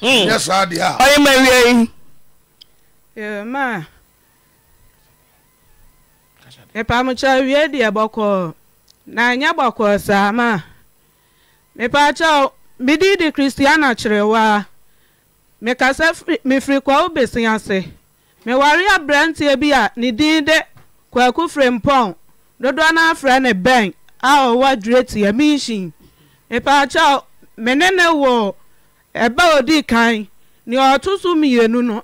yɛ saa deɛ a ɔyɛ ma wie wie deɛ bɔkɔɔ na nyɛ bɔkɔɔ saa ma mepakyɛw mede de kristiana kyerɛwaa mekasa mefiri kwawo besin ase meware aberanteɛ bi a ne din de kwaku frempɔn dodoɔ no afrɛ ne bɛn a ɔwɔ adure tia e menhyin mepaakyɛw me ne ne ebe a odi kan na ọtụtụ mmienu no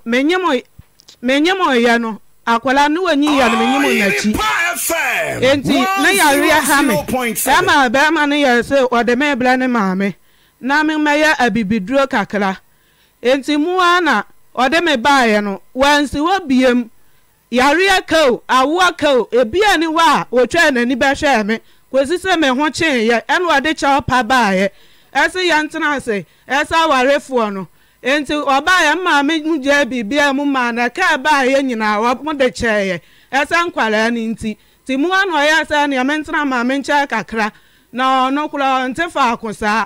menye m ya no akwara ne wanyi ya no menye m n'akyi enti ne yare ha me bɛrima bɛrima no yɛ sɛ ɔde me brɛ ne maame na me mɛyɛ abibiduro kakra enti mua na ɔde me ya no wansi hɔ biem yare kao awoa kao a ni hɔ a wɔtwaa n'ani bɛhwɛɛ me kɔsi sɛ me ho kyeeɛ ɛna ɔde kyɛw pa baeɛ ɛsi yɛn tena ase ɛsɛ awarefoɔ no nti ɔbaa yɛ maame gye gya biribia mu maa na kaa baa yɛ nyinaa mo de kyɛɛ ɛsɛ nkwaraa no nti ti mu ano ɔyɛ sɛ nea mentena maame nkyɛn kakra na ɔno koraa nte faako saa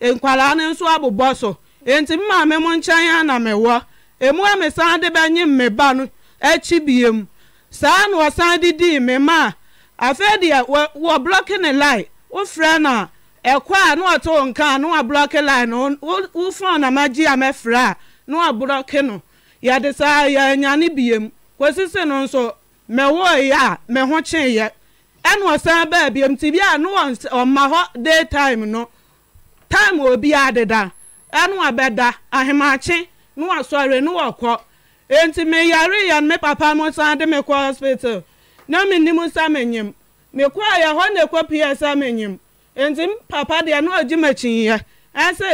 nkwaraa no nso abobɔ so nti maame mu nkyɛn ana mewɔ emu a mesan de bɛnye me ba no akyi bie mu saa na ɔsan de dii me ma afei deɛ wɔ blɔki ne lai wofrɛ no ɛkɔ a na ɔto nka na wabrɔke line wo fon na magye a mɛfrɛ a na wabrɔke no yɛde saa yɛanyane biem kɔsi se no nso mɛwoeɛ a mɛho kyeeɛ ɛna ɔsan baa biem nti bi a na ɔma hɔ day time no time obiara deda ɛna ɔbɛda ahemakye na wasɔre na wɔkɔ enti meyareyɛ no me papa mo san de me kɔ hospital na menim sa menyim mekɔɔ yɛ hɔ na ɛkɔ pia sa menyim nti papa deɛ no ɔgye makyin yɛ ɛsɛ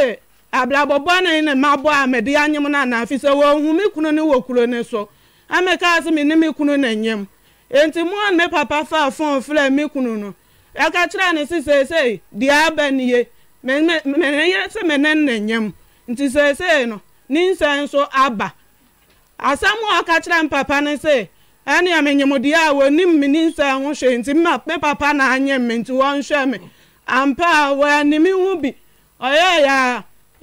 abrabɔ bɔne ne ma bɔ a mede anyem no anaafi sɛ wɔhu me kunu ne wɔ kuro ne so ameka ase me ne me kunu na nyam nti mu a me papa fa fon frɛ m kunu na ɛka kyerɛ ne se seesei deɛ aba ne ye ihe sɛ me ne enye m nti seesei no ne nsɛn so aba asɛm a ɔka kyerɛ na papa ne se ɛnea menyemdeɛ a wɔnim me ne nsɛn ho hwee nti mma papa na anyɛ me nti wɔnhwɛ me ampa wɔanim ho bi ɔyɛ yɛ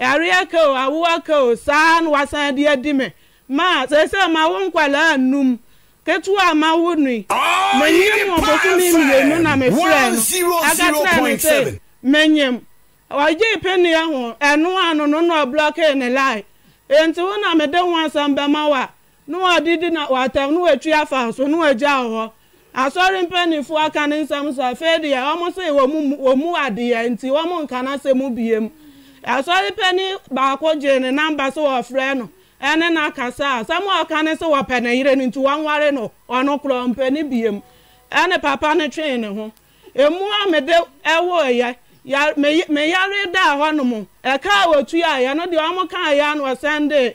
yareɛ kao awowa kao saa na wasan de adi me ma sɛsɛ ma wo nkwalaa num ketewa ma wo nui menyim ɔbosome mmienu na mefrɛ no aka ne sɛ menyim ɔgye penia ho ɛno ano no na ne wo na ho a na na wɔatam na wɔatwi afa so na wɔagya asọrin pẹni fún akani nsàmùsà fẹẹdi yẹ ọmọ ọmụ wọmú adìyẹ ntì wọmú nkànnà sẹmú bìyẹm asọrin pẹni baako gye ne namba sẹ wọ fẹrẹ no ɛne na akasa asɛm a ɔka ne sɛ wɔpɛ ne na no nti wɔnware no ɔno korɔ mpɛ ne biem ɛne papa ne twee ne emu a mede ɛwɔ yɛ meyare da hɔnom ɛka a wɔtua yɛ ya deɛ ɔmo ka yɛ no ɔsɛn de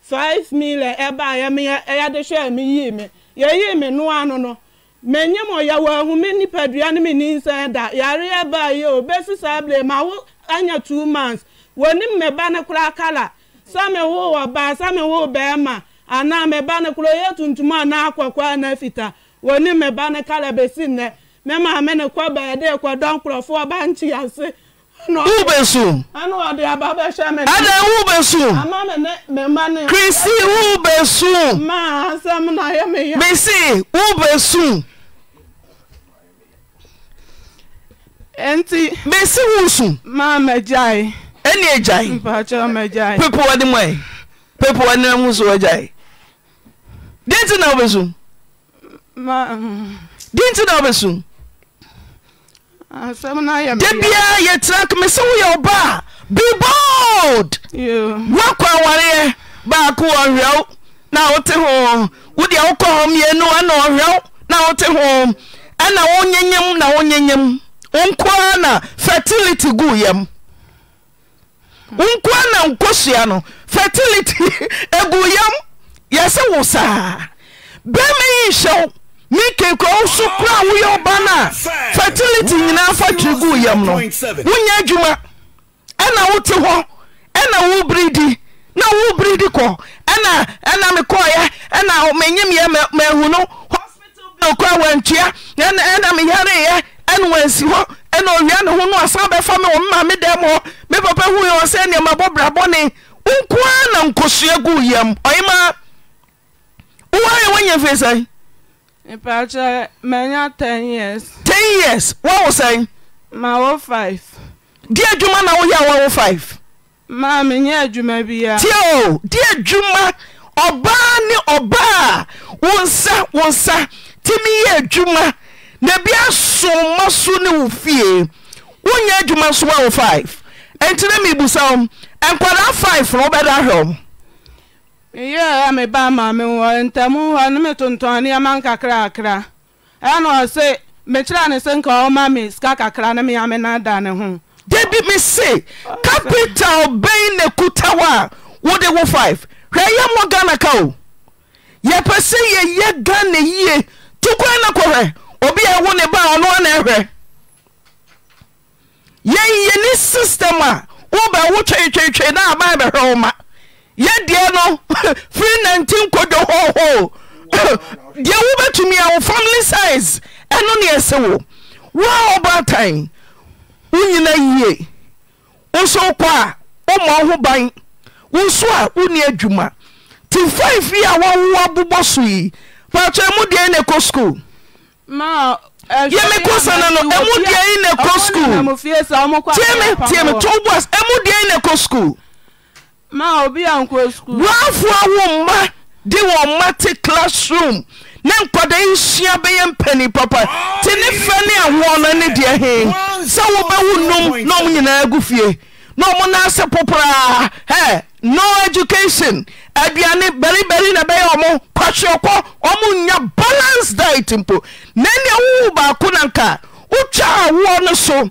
five million ɛba yɛ meyɛ ɛyɛ de hwɛ me yie me yɛyie me noa no no menye m ɔyawo ahu mi nipa dua ne mi ni nsɛn da yare ɛbaa yi o besi saa bile ma wo anya two months woni mmeba ne kora kala sami wo ɔbaa sami wo bɛrima ana mmeba ne kora yɛ tuntum ana akɔkɔ ana fita woni mmeba ne kala besi nnɛ mɛ maame ne kɔ bɛɛ de kɔ dɔn nkorɔfoɔ ɔbaa nkyi ase. wú bẹ sùn. ẹnu ọ̀dẹ àbá bẹ ṣẹ́ mi. ẹnẹ wú bẹ sùn. àmọ́ mi ní mi má ní. kìrìsì wú bẹ sùn. máa sẹ́mu náà yẹ mi yẹ. bísí wú bẹ sùn. enti. bísí wú sùn. máa mẹja yìí. ẹni ẹja yìí. mpàtjọ́ mẹja yìí. pípọ̀ wọ́n ni mọ̀ ẹ́ pípọ̀ wọ́n ni mọ̀ sùn ọjà yìí. díẹ̀ tí náà wọ́n bẹ sùn. máa. díẹ̀ tí náà wọ́n bẹ sùn. da trak yɛtira nkme sɛ woyɛ ɔba a bebold woakɔ awareɛ baako ɔhwerɛw na wote ho wode wokɔ hɔmyɛnu ana ɔhwerɛw na wote ho ɛna wonyɛnyam na wonyɛnyam na fertility guu yam wonkoa na nkɔsua no fertility aguu yam yɛ wo saa bɛma yi nhyɛw mike ka ɔso koraa woyɛ ɔba no fertility nyinaa fa twiri nọ yam no wonya adwuma ɛna wote hɔ ɛna wo na wo ya kɔ ɛna mekɔeɛ ɛna menyemyɛ mahu no hospital bill koraa wantua ɛna meyareeɛ ɛne wansi hɔ na owia ne ho no me ma me me papa hu na nkosua guu yam mpakyɛ manya ten years. ten years wɔn wo sɛn. ma wo five. di adwuma na woyɛ a wɔn wo five. maa mi nye adwuma bi ya. tie o di adwuma ɔbaa ne ɔbaa wɔn nsa wɔn nsa timi yɛ adwuma na bi asoma so ne wo fie wonyɛ adwuma so wɔn wo five ntina mi busa wɔn nkwadaa five na wɔbɛda hwɛ yɛ ya me ba maame wɔ ntamu hɔ no me tontɔn nneɛma nkakra akra ɛna ɔse mekyerɛ ne se nka ɔma me sika kakra ne mea me nada ne ho debi me se capital bɛn na kuta wo a wode wo 5 hwɛ yɛ mmɔ ghana ka o yɛpɛ sɛ yɛyɛ ghana yie tukwan na kɔhwɛ obi a ɛwo ne ba ɔno ana ɛhwɛ yɛnyɛ ne system a wobɛ wo twetwetwe na aba bɛhwɛ wo ma yɛ deɛ no firi nantin kodwo hɔhoo deɛ wobɛtumi a wo family size ɛno ne ɛsɛ wo woa ɔbaatan wo nyina yie wonso wokɔ a woma wo ho ban wo nso a wonni adwuma nti 5 yi a woawowa bobɔ so yi paatɔ mu deɛ ne ɛkɔ skuul yɛmekɔ sana no ɛmu deɛ ne ɛkɔ skuultiɛme tiɛme tow bɔs ɛmu deɛ ne ɛkɔ skuul woafoɔ wo mma de wɔ mma te classroom ne nkɔda nsua bɛyɛ mpani papa nti ne fɛ ne ahoɔ no ne deɛ he sɛ wobɛwo nom na ɔm nyinaa gu fie na ɔmo naase poporaa ɛ no education aduane baribari na ɛbɛyɛ ɔmo kwahweɛkɔ ɔmo nya balance diet mpo na nea wowo baako nka wotwaa woɔ no so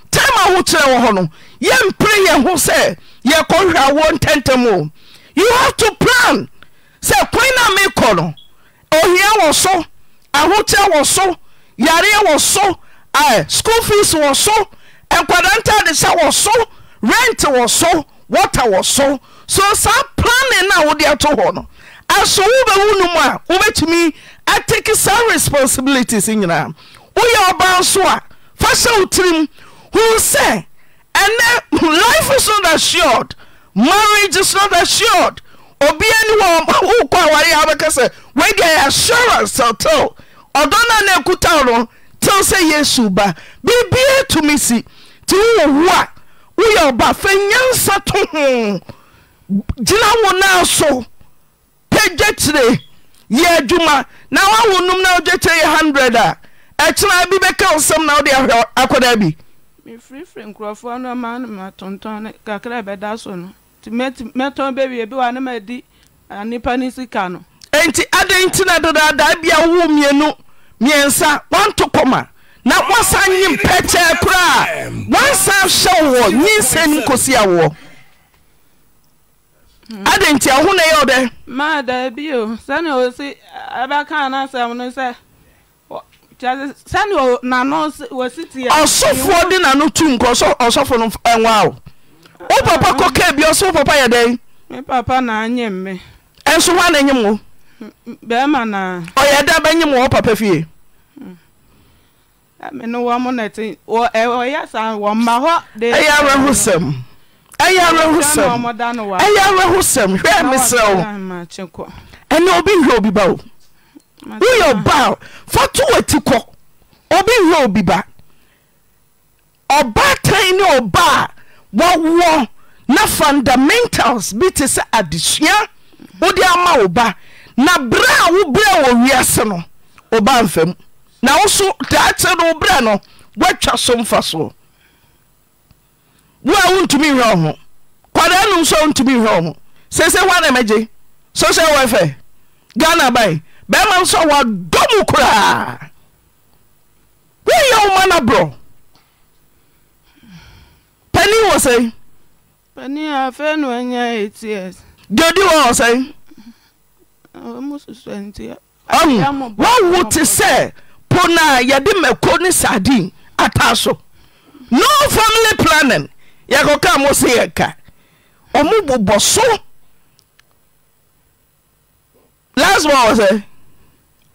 tim ahokyerɛ wɔ hɔ no yɛ mpere yɛ ho sɛ yɛkɔhwɛ wo ntɛntɛm o you hav to plan sɛ kaai na meekɔ no ohia wɔ so ahokyerɛ wɔ so yareɛ wɔ so schufees wɔ so nkwadantaade syɛ wɔ so rent wɔ so wate wɔ so so saa planne no wodea to hɔ no aso wobɛwu no mu a wobɛtumi atik sa responsibilities nyinaa woyɛ ɔba nso a fa syɛ wo tirim h sɛ ɛnɛ life snothe sud marriage snɔte surd obiani wɔwokɔ awarewbɛkɛ sɛ wodaɛ assuranceɔte ɔdɔno na kutaw no te sɛ yɛswba birbia tumi si nti wowo ho a woyɛ ɔba fa nyansa to ho gyina wo noaso pɛdwakyirɛ yɛ adwuma na woawo num na wodyakyerɛ yɛ h0n0red a ɛkyena bi bɛka osɛm na wode akɔdaa bi mefirifiri nkurɔfoɔ no ma no ma tontɔn ne kakra bɛda so no nti mɛtɔn bɛwie ebi wa ne ma di nipa ne sika no enti adɛn nti na dedaadaa bia wo mmienu mmiɛnsa wanto kɔma na woasa nye kura, koraa wansa hyɛ wɔ nyinsɛm kɔsi awoɔ hmm. adɛn nti awo na ɛyɛ wo dɛ maa daa bio sɛnea osi ɛbɛka anasɛm no sɛ ɔsofoɔ de nano tu nkɔ ɔsɔfo no ɛwa o wo ah. papa kɔka bia ɔso papa na dɛn ɛnso ho a na mm, nyim wo ɔyɛ da bɛnyim wɔ papa fie mm. ɛyɛ awerɛho sɛm ɛyɛ awerɛho sɛm ɛyɛ awerɛho sɛm hwɛ meserɛ wo ɛnɛ obi nhwɛ obi ba o woyɛ ɔba fa to wati kɔ ɔbɛwurɛ obi ba ɔba tan ne ɔba a woawoɔ na fundamentals bi te sɛ adesua wode ama wo ba na berɛ a woberɛ wɔ wiase no ɔba mfam na woso daakye no wo berɛ no woatwa so mfa so wo a wontumi nhwɛ wo ho kwadaa nom so a wontumi nhwɛ wo ho sɛi sɛ woa na social welfare ghana bae bɛima nso a wɔadɔ m koraa wɔyɛ woma noborɔ pani wɔ sɛ dodi wɔ wɔ sɛ wɔawu te sɛ pono a yɛde mako ne sadin ataa so no family planin yɛkɔ ka moseyɛka ɔmo bobɔ so lasawɔ sɛ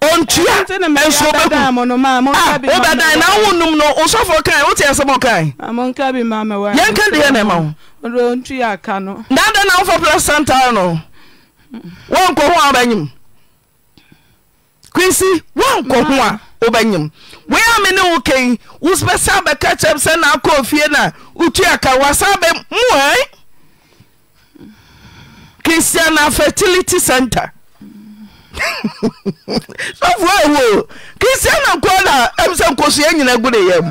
a nso wobɛdan na wowo nom no ah, wosɔfoɔ kae wote asɛm ɔkaeyɛnka deɛ ne ma wo na adɛn na wofa pra santara no wonkɔ ho a wobɛnyim kwinsi wonkɔ ho a wobɛnyim wei a me ne wo kei wosbɛ sa bɛka kyɛm sɛ na akọ ofie na wotua ka woasa ha muai christiana fertility center sọfọ ewu kristian na nkọ na emusa nkosi enyina egu ne yam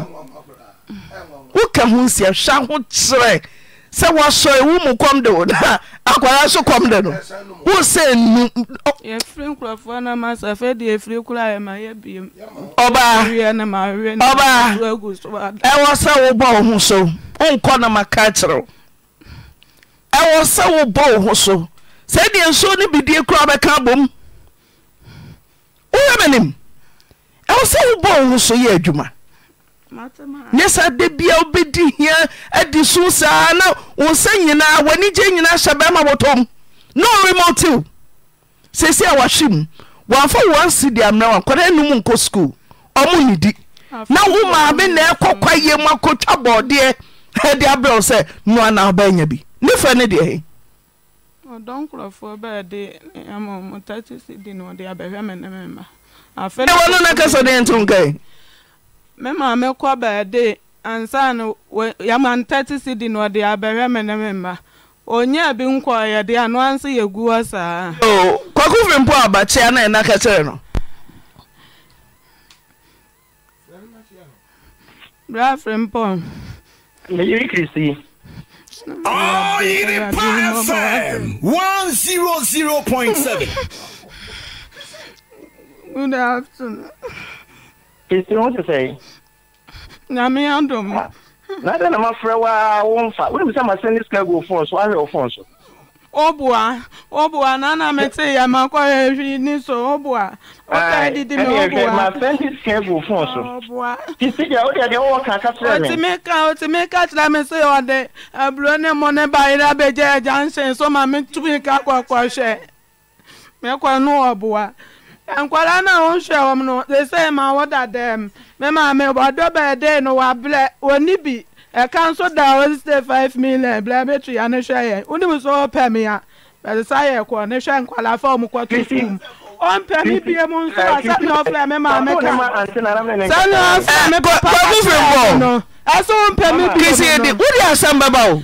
woka ho nsi ahwɛ aho kyerɛ sɛ wasɔ ewu mu kɔm de wo na akwara nso kɔm de no wosɛ nu. yɛfiri nkurɔfoɔ na ma sɛ fɛ deɛ efiri kura yɛ ma yɛ biem. ɔbaa ɔbaa ɛwɔ sɛ wobɔ wo ho so nkɔ na ma ka kyerɛw ɛwɔ sɛ wobɔ wo ho so sɛ deɛ nsuo ne bidie kura bɛka bom. hwɛ m'anim ɛwɔ sɛ wobɔɔ ho so yɛ adwuma nyɛ sa da bia wobɛdi hia adi so saa na wo sɛ nyinaa w'anigye nyinaa hyɛ bɛima bɔtɔm ne ɔremɔtew seesi a wahwe m wɔamfa woansi de ammerɛ wankɔda nom nkɔ skuul ɔmo ne na wo maame na ɛkɔ kwa yɛ m akɔtwa bɔɔdeɛ ɛde aberɛwo sɛ noana wobɛanya bi ne fɛ ne deɛ wani na kasa da yanzu kai me maame kɔ ansa no yɛma ntɛte si di na ọ dị abere ne me Onye onyɛ nkwa nkɔ yɛde ano ansa yɛ gu saa kwako fi mpo abakyea na ɛna kɛkyerɛ no bra firi mpo meyiri kristi Oyiri pa FM 100.7 Good afternoon. Nti wọn ti sẹ. Nyame adum. N'adá na ma fẹ́ wá wọ́n na wọ́n mi sá ma sẹ́ ní sika go fọ́ọ̀n so ahẹ́ ọ̀fọ́ọ̀n so. Ó bu a ó bu a nana mi ti yà máa kọ́ ya fi ní so ó bu a. Ó ká ẹ didi mi ó bu a. Ẹni ẹ̀fẹ̀ máa fẹ́ ní sika go fọ́ọ̀n so. Ó bu a. Títí jà ó dẹ̀ ọwọ́ kan ká tẹ̀lé mi. Òtí mi ká òtí mi ká tẹ̀lé mi sí ọ̀dẹ àbúrò ní mo ní báyìí lábẹ́jẹ́ ẹja ń ṣe sọ́mà mi nkwara na ahụhwɛ wɔm no sesei ma wɔda dɛm me maame wɔdɔ bɛɛde no wabrɛ wɔni bi ɛka nso da wɔsise five million blɛ me tu ya ne hwɛ yɛn wonim so wɔpɛ me a bɛde sa yɛ kɔ ne hwɛ nkwara fa wɔm kɔ to sukuu ɔmpɛ me bie mu nso a sɛne ɔfrɛ me maame ka sɛne ɔfrɛ me papa no ɛso wompɛ me bie mu no kisi yɛ di wodi asɛm bɛba o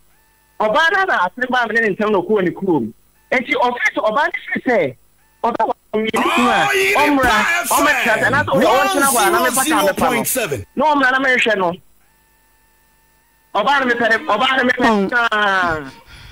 ọbaa no na asene baa mene ne nsɛm na ɔkɔɔ ne kurom nti ɔfiri sɛ ɔbaa no firi sɛ ɔbɛ wɔ mmienu a ɔmmra ɔmɛtra sɛ anaasɛ ɔde ɔwɔkyena hɔ a na mepata mepa no na ɔmmra na mehwɛ no ɔbaa no mepɛ ɔbaa no mepɛ naa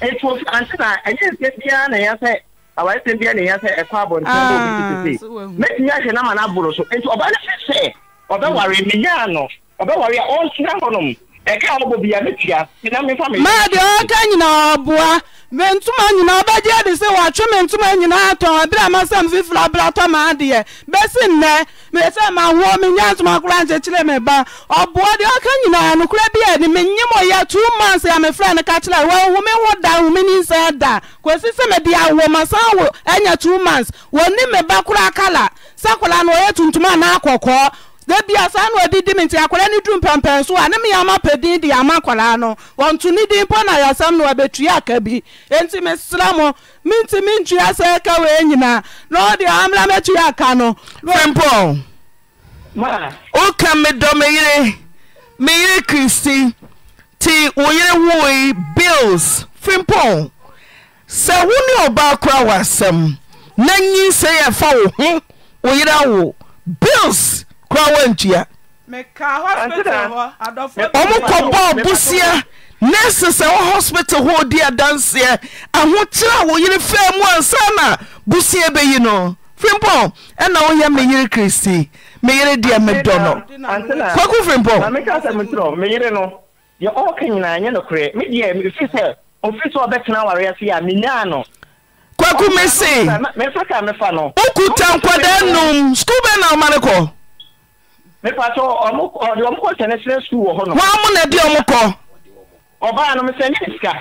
nti ofi ante na ɛnyɛ nsɛm biara na ɛyɛ sɛ awaye sɛm biara na ɛyɛ sɛ ɛkɔ abɔnten na obi tete mɛtumi ahwɛ na ma no aboro so nti ɔbaa no firi sɛ ɔbɛware menyaa no ɔbɛware a ɛka ɔbɔ bia ne tia ɛna mefa me maa deɛ ɔka nyinaa ɔboa me ntoma nyinaa ɔbɛgye de sɛ wɔatwe me ntoma nyinaa atɔn ɛberɛ a masɛm fifiri abra tɔ ma adeɛ bɛsi nnɛ mesɛ mahoɔ menya ntoma kora nkyekyere me ba ɔboa deɛ ɔka nyinaa nokora bi ani menye mɔyɛ two months a mefrɛ no ka kyerɛ wɔhome ho da home ne nsɛ da kɔsi sɛ mede awo masan wo anya two months wɔni me ba kora kala sɛ no ɔyɛ tuntum anaa kɔkɔɔ debi asa na odidi mi nti akwara ni dum pɛmpɛn so a ne mi ama pɛdin di ama akwara no wɔn tu ni di pɔ na yasam na wabetua aka bi nti mi sra mo mi nti mi ntua sɛ aka wee nyinaa na ɔdi amla mɛtua aka no. pɛmpɔ o ka mi dɔ mi yire mi yire kristi ti wo yere wui bills fimpɔ sɛ wo ne ɔbaa kora wɔ asɛm na nyi sɛ yɛ fa wo ho wo yere awo bills. koraa woantua ɔmokɔbɔɔ bosia nese sɛ wɔ hospital hɔ di adanseɛ ahokyerɛ a wo yere mu ansa na bosia bɛyi no firimpɔ ɛna woyɛ me kristi me deɛ medɔ no kwaku firimpɔ deɛ ɔɔka nyinaa nyɛ nokorɛ sɛ ɔfiri sɛ ɔbɛtena a menyaa no kwaku me se wokuta nkwadaa num skul bɛ na ɔma ne kɔ mepa sɛ ɔde ɔmo kɔ international school wɔ hɔ no wɔn mo na di ɔmo kɔ ɔbaa no mesɛ ne sika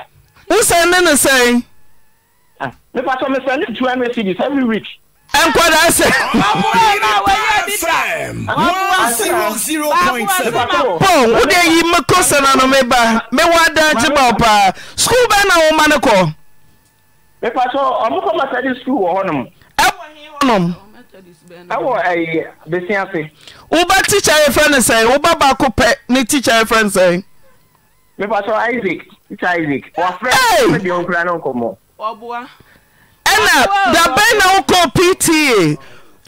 wosɛn ne ne sɛn mepa sɛ mesɛ ne two hundred cedis every week da di nkwadaa sɛ pɔn wode yi mekɔ sɛ no no e meba mewɔ adagye ba wo paa skuul bɛɛ na woma ne kɔ mepa sɛ ɔmo kɔ masade skuul wɔ hɔnom ɛwɔ hɔnom ɛwɔ ɛyɛ bɛsi ase. woba tikya yɛ fɛ ne sɛn woba baako pɛ ne tikya yɛ fɛ ne sɛn. mipasɔ isaac tikya isaac wafrɛ ɛyɛ deɛ nkura ne nkɔmɔ. ɛna dabɛn na wokɔ pta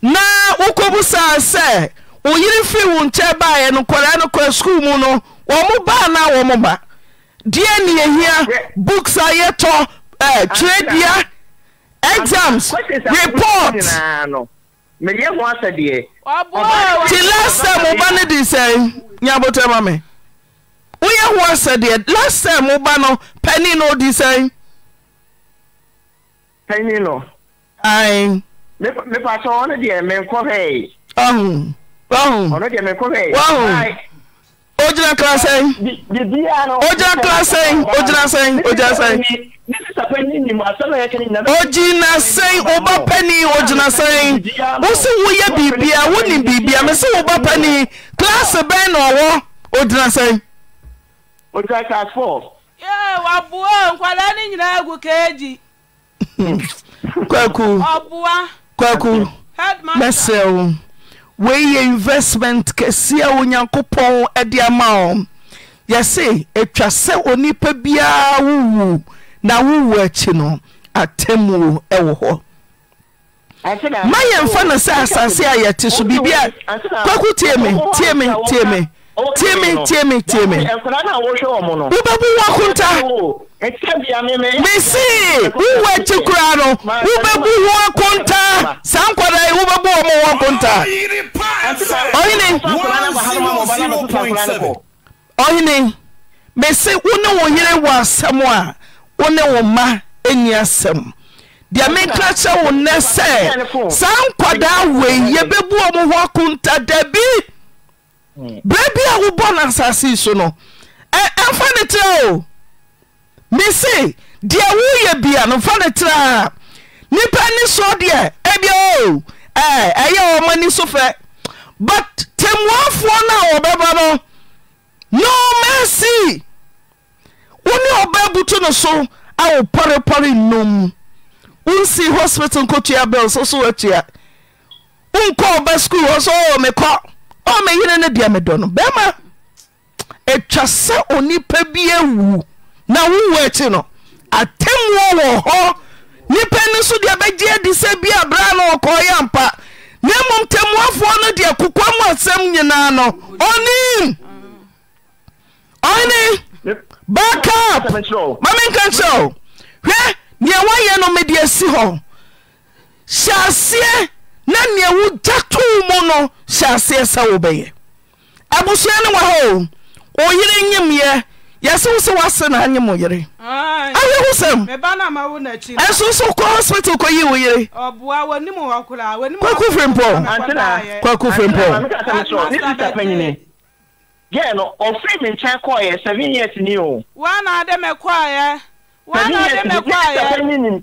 na wokɔbusa sɛ oyiri fi wo nkyɛn baayɛ no nkɔlaa no kɔ sukuu mu no wɔn mo baa na wɔn mo ba deɛ ne yɛhia books a yɛtɔ ɛɛ eh, twerɛdua exams report meyɛ ho asɛ deɛ ti last time woba no de sɛe nyabotɛ mami. me woyɛ ho asɛ deɛ last time woba no pani no odi sɛe pani no ae mepa sɛ ɔno deɛ menkɔ hɛe ɔno deɛ menkɔ hɛe ogyina klas ɛn ogyina klas ɛn ogyina sɛn ogyina sɛn ogyina sɛn ɔba pɛni ogyina sɛn wosi woyɛ biribia wonim biribia mesi ɔba pɛni klas bɛn na ɔwɔ ogyina sɛn. ogyina klas four. yee wabuo nkwadaa ni nyinaa egu keeji. kwaku kwaku mɛsɛn o. wei yɛ investment kɛsea onyankopɔn ɛde ama o yɛse atwa sɛ onipa biara wowu na wowu akyi no atam wo wo hɔ ma yɛmfa no sɛ asase a yɛte so biribia kaku tie me t me ti me wobɛu ɔ koa mese wowɔ aki koraa no wobɛbu hɔ konta saa nkɔda wobɛbu wɔ mo hɔ kontae ɔhene mese wo ne wo yere wɔ asɛm a wo ne wo mma ani asɛm deɛ menkrakyeɛ wo nnɛ sɛ saa nkɔdaa wei yɛbɛbu ɔ mo hɔ konta dabi berɛ bi a wobɔ no asase yi so no ɛmfa no terɛ o me se deɛ woyɛ bia no mfa no terɛ a nnipa ni soɔ deɛ ɛbia ɛyɛ ɔmani so fɛ but tamuafoɔ no a wɔbɛba no nomaasi wo ne ɔbaa buto no so a wo pɔrepɔre nnom wonsii hospital nkotua bɛl so so woatua wonkɔ ɔba skuul hɔ so ɔwɔ oh, mekɔ ɔmɛyere no da medɔno bɛima atwa sɛ onipa bi awu na womu akyi no atammuɔ wɔ hɔ nipa ni so deɛ bɛgye adi sɛ bi aberaa no ɔkɔɔyɛ mpa ne mmomtammoafoɔ no deɛ kokwa mu asɛm nyinaa no ɔnim ɔne backap mamɛnkankyerɛo hwɛ nea woayɛ no mede asi hɔ hyɛ aseɛ na nea wogya too mu no hyɛ aseɛ sɛ wobɛyɛ abusua ne wa hɔ o oyere nyimyɛ yɛse wo sɛ woase na anyem wo yere awe ho sɛm ɛnso so kɔ hospital kɔyi wo yere kwaku firimpɔ kwaku firimpɔ no ɔfiri me nkyɛn kɔɔyɛ seven years ni o. wọn na adi mɛ kɔɔyɛ wọn na adi mɛ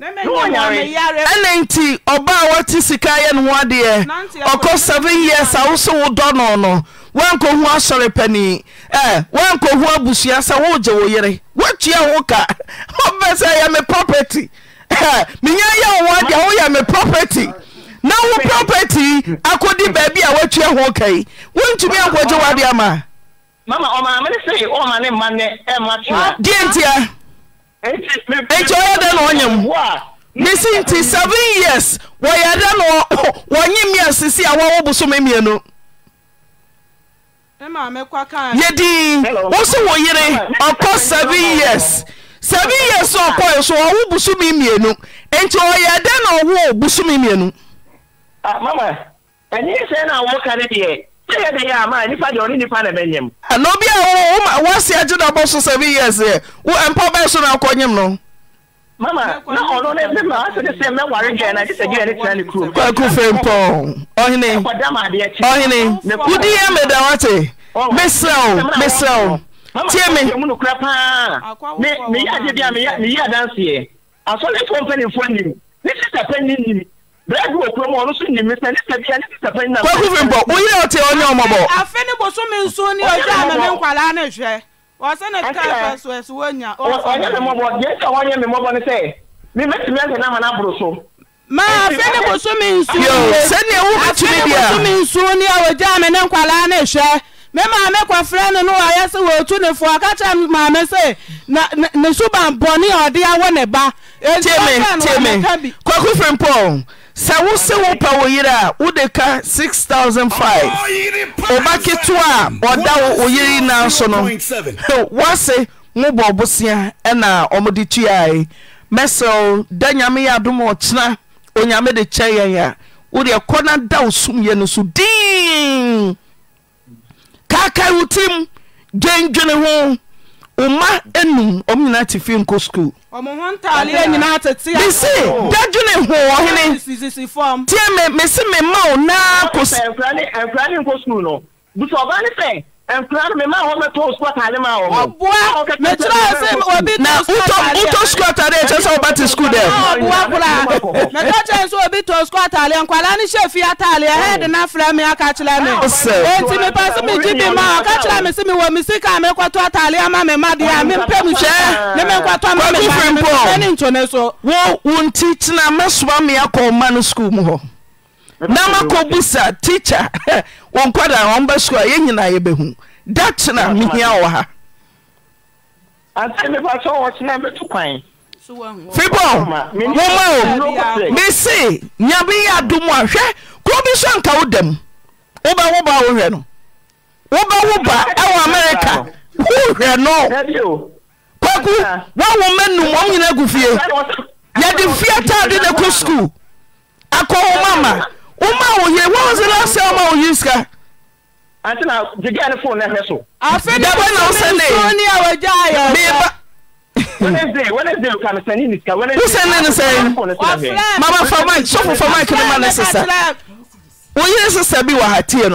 ɛne nti ɔba a woate sika yɛ ne ho adeɛ ɔkɔ 7 years a woso wo dɔ no no woankɔhu asɔre pani woankɔhu abusua sɛ woregye wo yere woatua wo ka ɔbɛ sɛ yɛ me property e, menya yɛ wo adeɛ woyɛ me property na wo property akɔdi baabi a woatua ho kai wontumi ankɔgye woadeɛ ma deɛ e ntia nti ɔyɛ dɛ na ɔnyam mesi nti seven years wɔyɛ dɛ na wɔnye mmea sisi a wɔwɔ bosome mmienu yɛdin wo so wo yere ɔkɔ seven years seven years ɔkɔɛ so ɔwo bosome mmienu nti ɔyɛ dɛ na ɔwo bosome mmienu ah, mama ɛnyɛ sɛ na wɔka no deɛ sɛ yɛde yɛ ama nipa deɛ ɔne nipa na bɛnyɛ mu. na obi a wo woma wasi agye na bɔ so seven years yɛ wo mpa bɛɛ so na akɔ nyim no. mama na ɔno ne ne maa so de sɛ mɛware gɛn na gyesɛ gyina ne tena ne kurom. kwaku fɛn pɔn ɔhene ɔhene wodi yɛ mɛda wate mesrɛw mesrɛw tie me. mama ɔhene paa me me yi adeɛ bi a me yi adanseɛ asɔre fɔ mpanimfoɔ anim ne sisa pɛ ne nim bẹẹbi òkú ọmọ ọdún sún ní mi sẹni sẹbi ẹni sẹbi ẹni náà. kókó fi bọ̀ ó yẹ ọtí ọ ní ọmọ bọ̀. àfẹ́ ni bùsùn mi sún ní ọjọ́ àná mi nkwalá ní ìṣẹ́ ọ̀sẹ̀ ní ká ẹ̀fẹ̀sọ̀ ẹ̀sùn wọ́n nyà. ọ̀yẹ́ mi mọ́bọ̀ díẹ̀ tí àwọn ọ̀yẹ́ mi mọ́bọ̀ ni sẹ́ mi bẹ́ẹ̀ tì mí ẹ̀sẹ̀ náà mà náà bùrù so. máa fẹ́ ni bùsùn mi sún ní ọjọ́ àná mi nkwalá ní ìṣẹ́ me maame kɔfrɛ no no wayɛ sɛ wɔtu ne maame sɛ ne suban bɔne a ɔde awɔ ne ba teme kwako frim paul sɛ wo a wode ka 6005 ketewa a ɔda wo na so no woase mo bɔ bosea ɛna ɔmode tuae mɛsɛw da nyame yɛ adom ɔkyena onyame de kyɛ yɛn a na da wo kaakae wo tirim dwendwene ho wo ma ɔm nyinaa te fie nkɔ skuul dadwene ho ɔhene tie me mese me ma wo naa kɔs to skuo atali ksbt soo kywb to skoo taa kan sɛ fi tala hdena fra me aka keɛ meti mepɛse me gi bi ma ka kerɛ me se mew mesi ka mekt talea ma mmadmpti tena mesoba meakmanosm na makɔbisa teacha wɔ nkwada ɔmbɛ sukuu a yɛn nyinaa yɛbɛhu da tena mehia wɔ ha fibɔ woma o mese nyame yɛ ado mu a hwɛ kuro bi so anka wo dam woba wo baa wohwɛ no woba wo ba ɛwɔ amerika wohwɛ no kwaku woawoma num ɔm nyina agu fie yɛde fie atade ne kɔ skuul akɔ womama woma woye wase s woma oyeskawosɛde ne sɛasfo fa makeoma nesesa oyer sesa bi waatie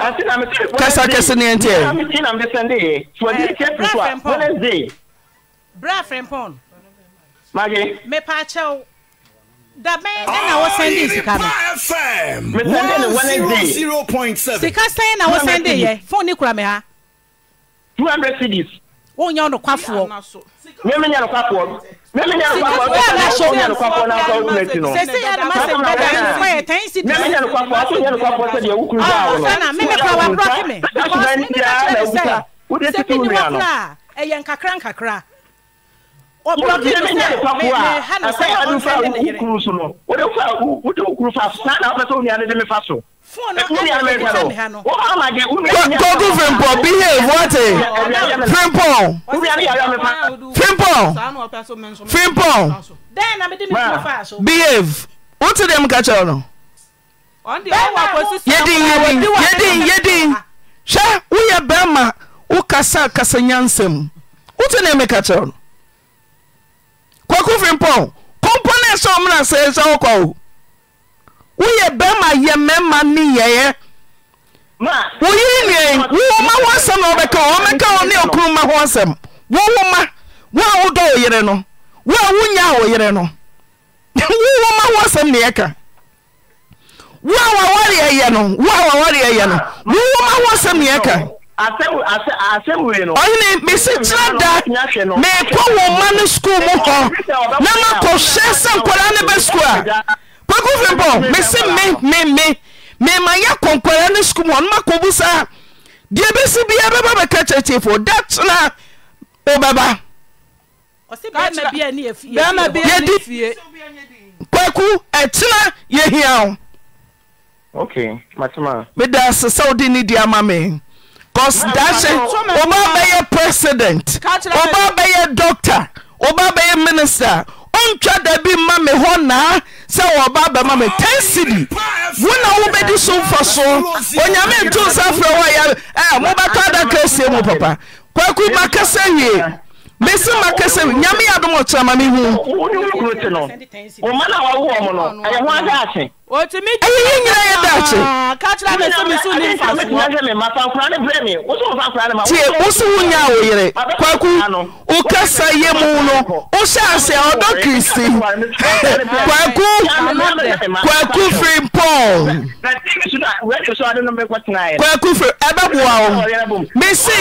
nofɛsakɛse neanti me mage mepa kyɛw dabɛn ɛna wɔsɛnde sika no mesɛnde no wednesday sika sɛn na wɔsɛnde yɛ fone ne kura me ha two hundred cds wonyɛ nokwafoɔ memenya nokwafoɔ memenya kwafu. nokwafoɔ na asɔ wotena ti no sɛsɛ yɛ dama sɛ bɛda kwafu. yɛ tɛn si memenya nokwafoɔ aso nyɛ nokwafoɔ sɛdeɛ wokuru baa wo no meme kora wabrɔke me because meme na kyerɛ me sɛ sɛ bi ne wakora a ɛyɛ nkakra nkakra tọ́kù fìmpọ̀ behave wọ́tì fìmpọ̀ fìmpọ̀ fìmpọ̀ behave wọ́n ti dẹ̀ mu kàtsẹ́ ọ̀nà. yedin yedin yedin yedin hwẹ́ wúyẹ bẹ́ẹ̀ ma wọ́n kasa kasa nyansẹ́mu wọ́n ti dẹ̀ mu kàtsẹ́ ọ̀nà. kokɔ fipɔ componɛsɛwomenasɛɛnsɛ wokɔo woyɛ bɛma yɛ mama ne yɛɛ o yi nu wowo ma hosɛm noobɛkɛ ɔmɛkaone kroma hosɛm wowo ma waa wodɔ woyere no waa wo nya wo yere no wowo ma hosɛm neɛka wowm ɛ ɔhene mesi kyerɛ da meekɔ wɔ ma no skuul mu hɔ na makɔhyɛ sɛ nkwadaa ne bɛ skuul a kwaku fimpɔ mese me me me mema yɛ kɔ nkwadaa ne skuul mu hɔ no makɔbu saa deɛ bɛsi biaa bɛba bɛka kyerɛkyerɛfoɔ da tena wobɛba yɛdi kwaku ɛtena yɛhia wo meda ase sɛ wode ne di ama me daayɛ oba bɛyɛ prɛsident oba bɛyɛ dɔkta ɔba bɛyɛ minista ɔntwa da bi ma me hɔ naa sɛ wɔba ba ma me tensidi wo na wobɛdi so mfa soɔ onyame to sa frɛ wɔyɛ mobɛtɔ ada kaasie mu papa wa makasɛ wie mesakɛ nyameyɛdɔmɔɔkyerɛma mehu otumi jẹ ẹyin yín nyina yẹ dàkye. kakyira mi sọ mi sún ní nfa so. tie wosi wo nya awo yere kwaku wo kasa yẹ mu no wo hyɛ ase ɔdɔ kristi kwaku kwaku firi paul kwaku firi ɛbɛ e boa o misi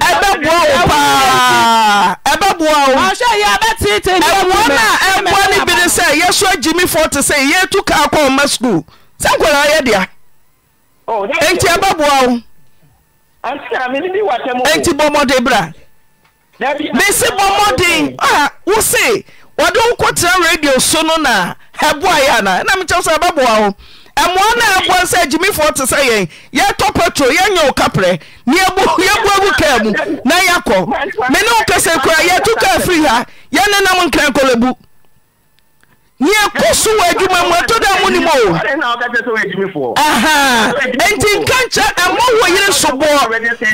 ɛbɛ e boa o paa ɛbɛ e boa o ɛboa na ɛboa ni bi. n anti bɔmɔdeera mɛsi bɔmɔde wose wɔde wokotera radio so no na ɛoa yɛnnamekyɛ so ababoa o moa na aban sɛ gyimi foɔ te sɛ yɛ yɛtɔpatro yɛyɛokapɛ yɛag kaamu na ɛeɛɛafkra yẹ kó so wọ adwuma mu ẹtọ dẹ mu ni mu o nti nka nkyɛn ɛmɔ e wɔ yere sobɔ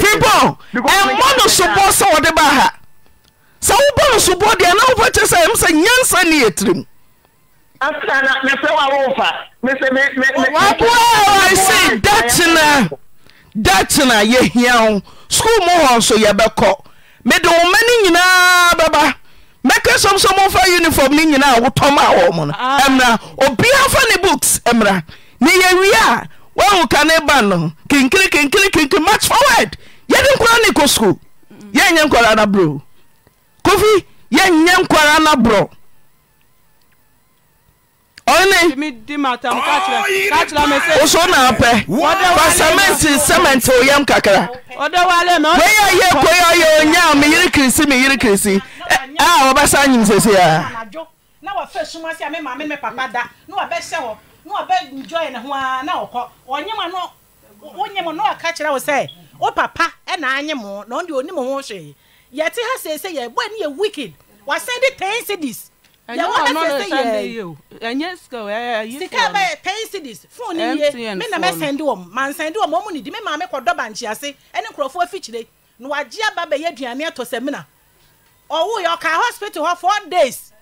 pipo ɛmɔ e no sobɔ sɛ wɔde ba ha sɛ wobɔ no di deɛ na wofɔ kyɛ sɛ ɛm sɛ nyansa ne yɛ tirim. waboa e, i say dakyena dakyena yɛhia wo skul mu hɔ nso yɛbɛkɔ mede wo ma no nyinaa bɛba mɛka som so momfa uniform no nyinaa a wotɔm a wɔ mo no ah. ɛmmra obia fa ne books mmra ne yɛwie a woahu kane ban no kenkiri kenkiri kenkiri match forward yɛde nkora ne kɔ skuul yɛnyɛ nkwara naborɔ kofi yɛnyɛ nkwara naborɔ ɔnewoso na apɛ pasamenti cement oyam kakra wei a yɛ koyi a yɛ onyaa meyere kirisi meyere kirisi Ah, a wɔbɛsa nyim sese a na wɔfɛ suma se a me maame me papa da na wɔbɛhyɛ hɔ na wɔbɛ enjoy ne ho ara na wɔkɔ ɔnye ma no wonye mo na ɔka kyerɛ wo sɛ wo papa ɛna anye mo na ɔde onim ho hwee yɛte ha sese yɛ bɔ ne yɛ wicked wɔasɛn de ten cities yɛwɔ ha sese yɛ sika bɛ ten cities fone ne yie me na mɛsɛn de wɔm mansɛn de wɔm wɔn mu ne di me maame kɔ dɔ bankyi ase ɛne nkurɔfoɔ afikyire na wagye aba bɛyɛ aduane atɔ sɛmina ɔwo yɛ ɔka hospital hɔ four days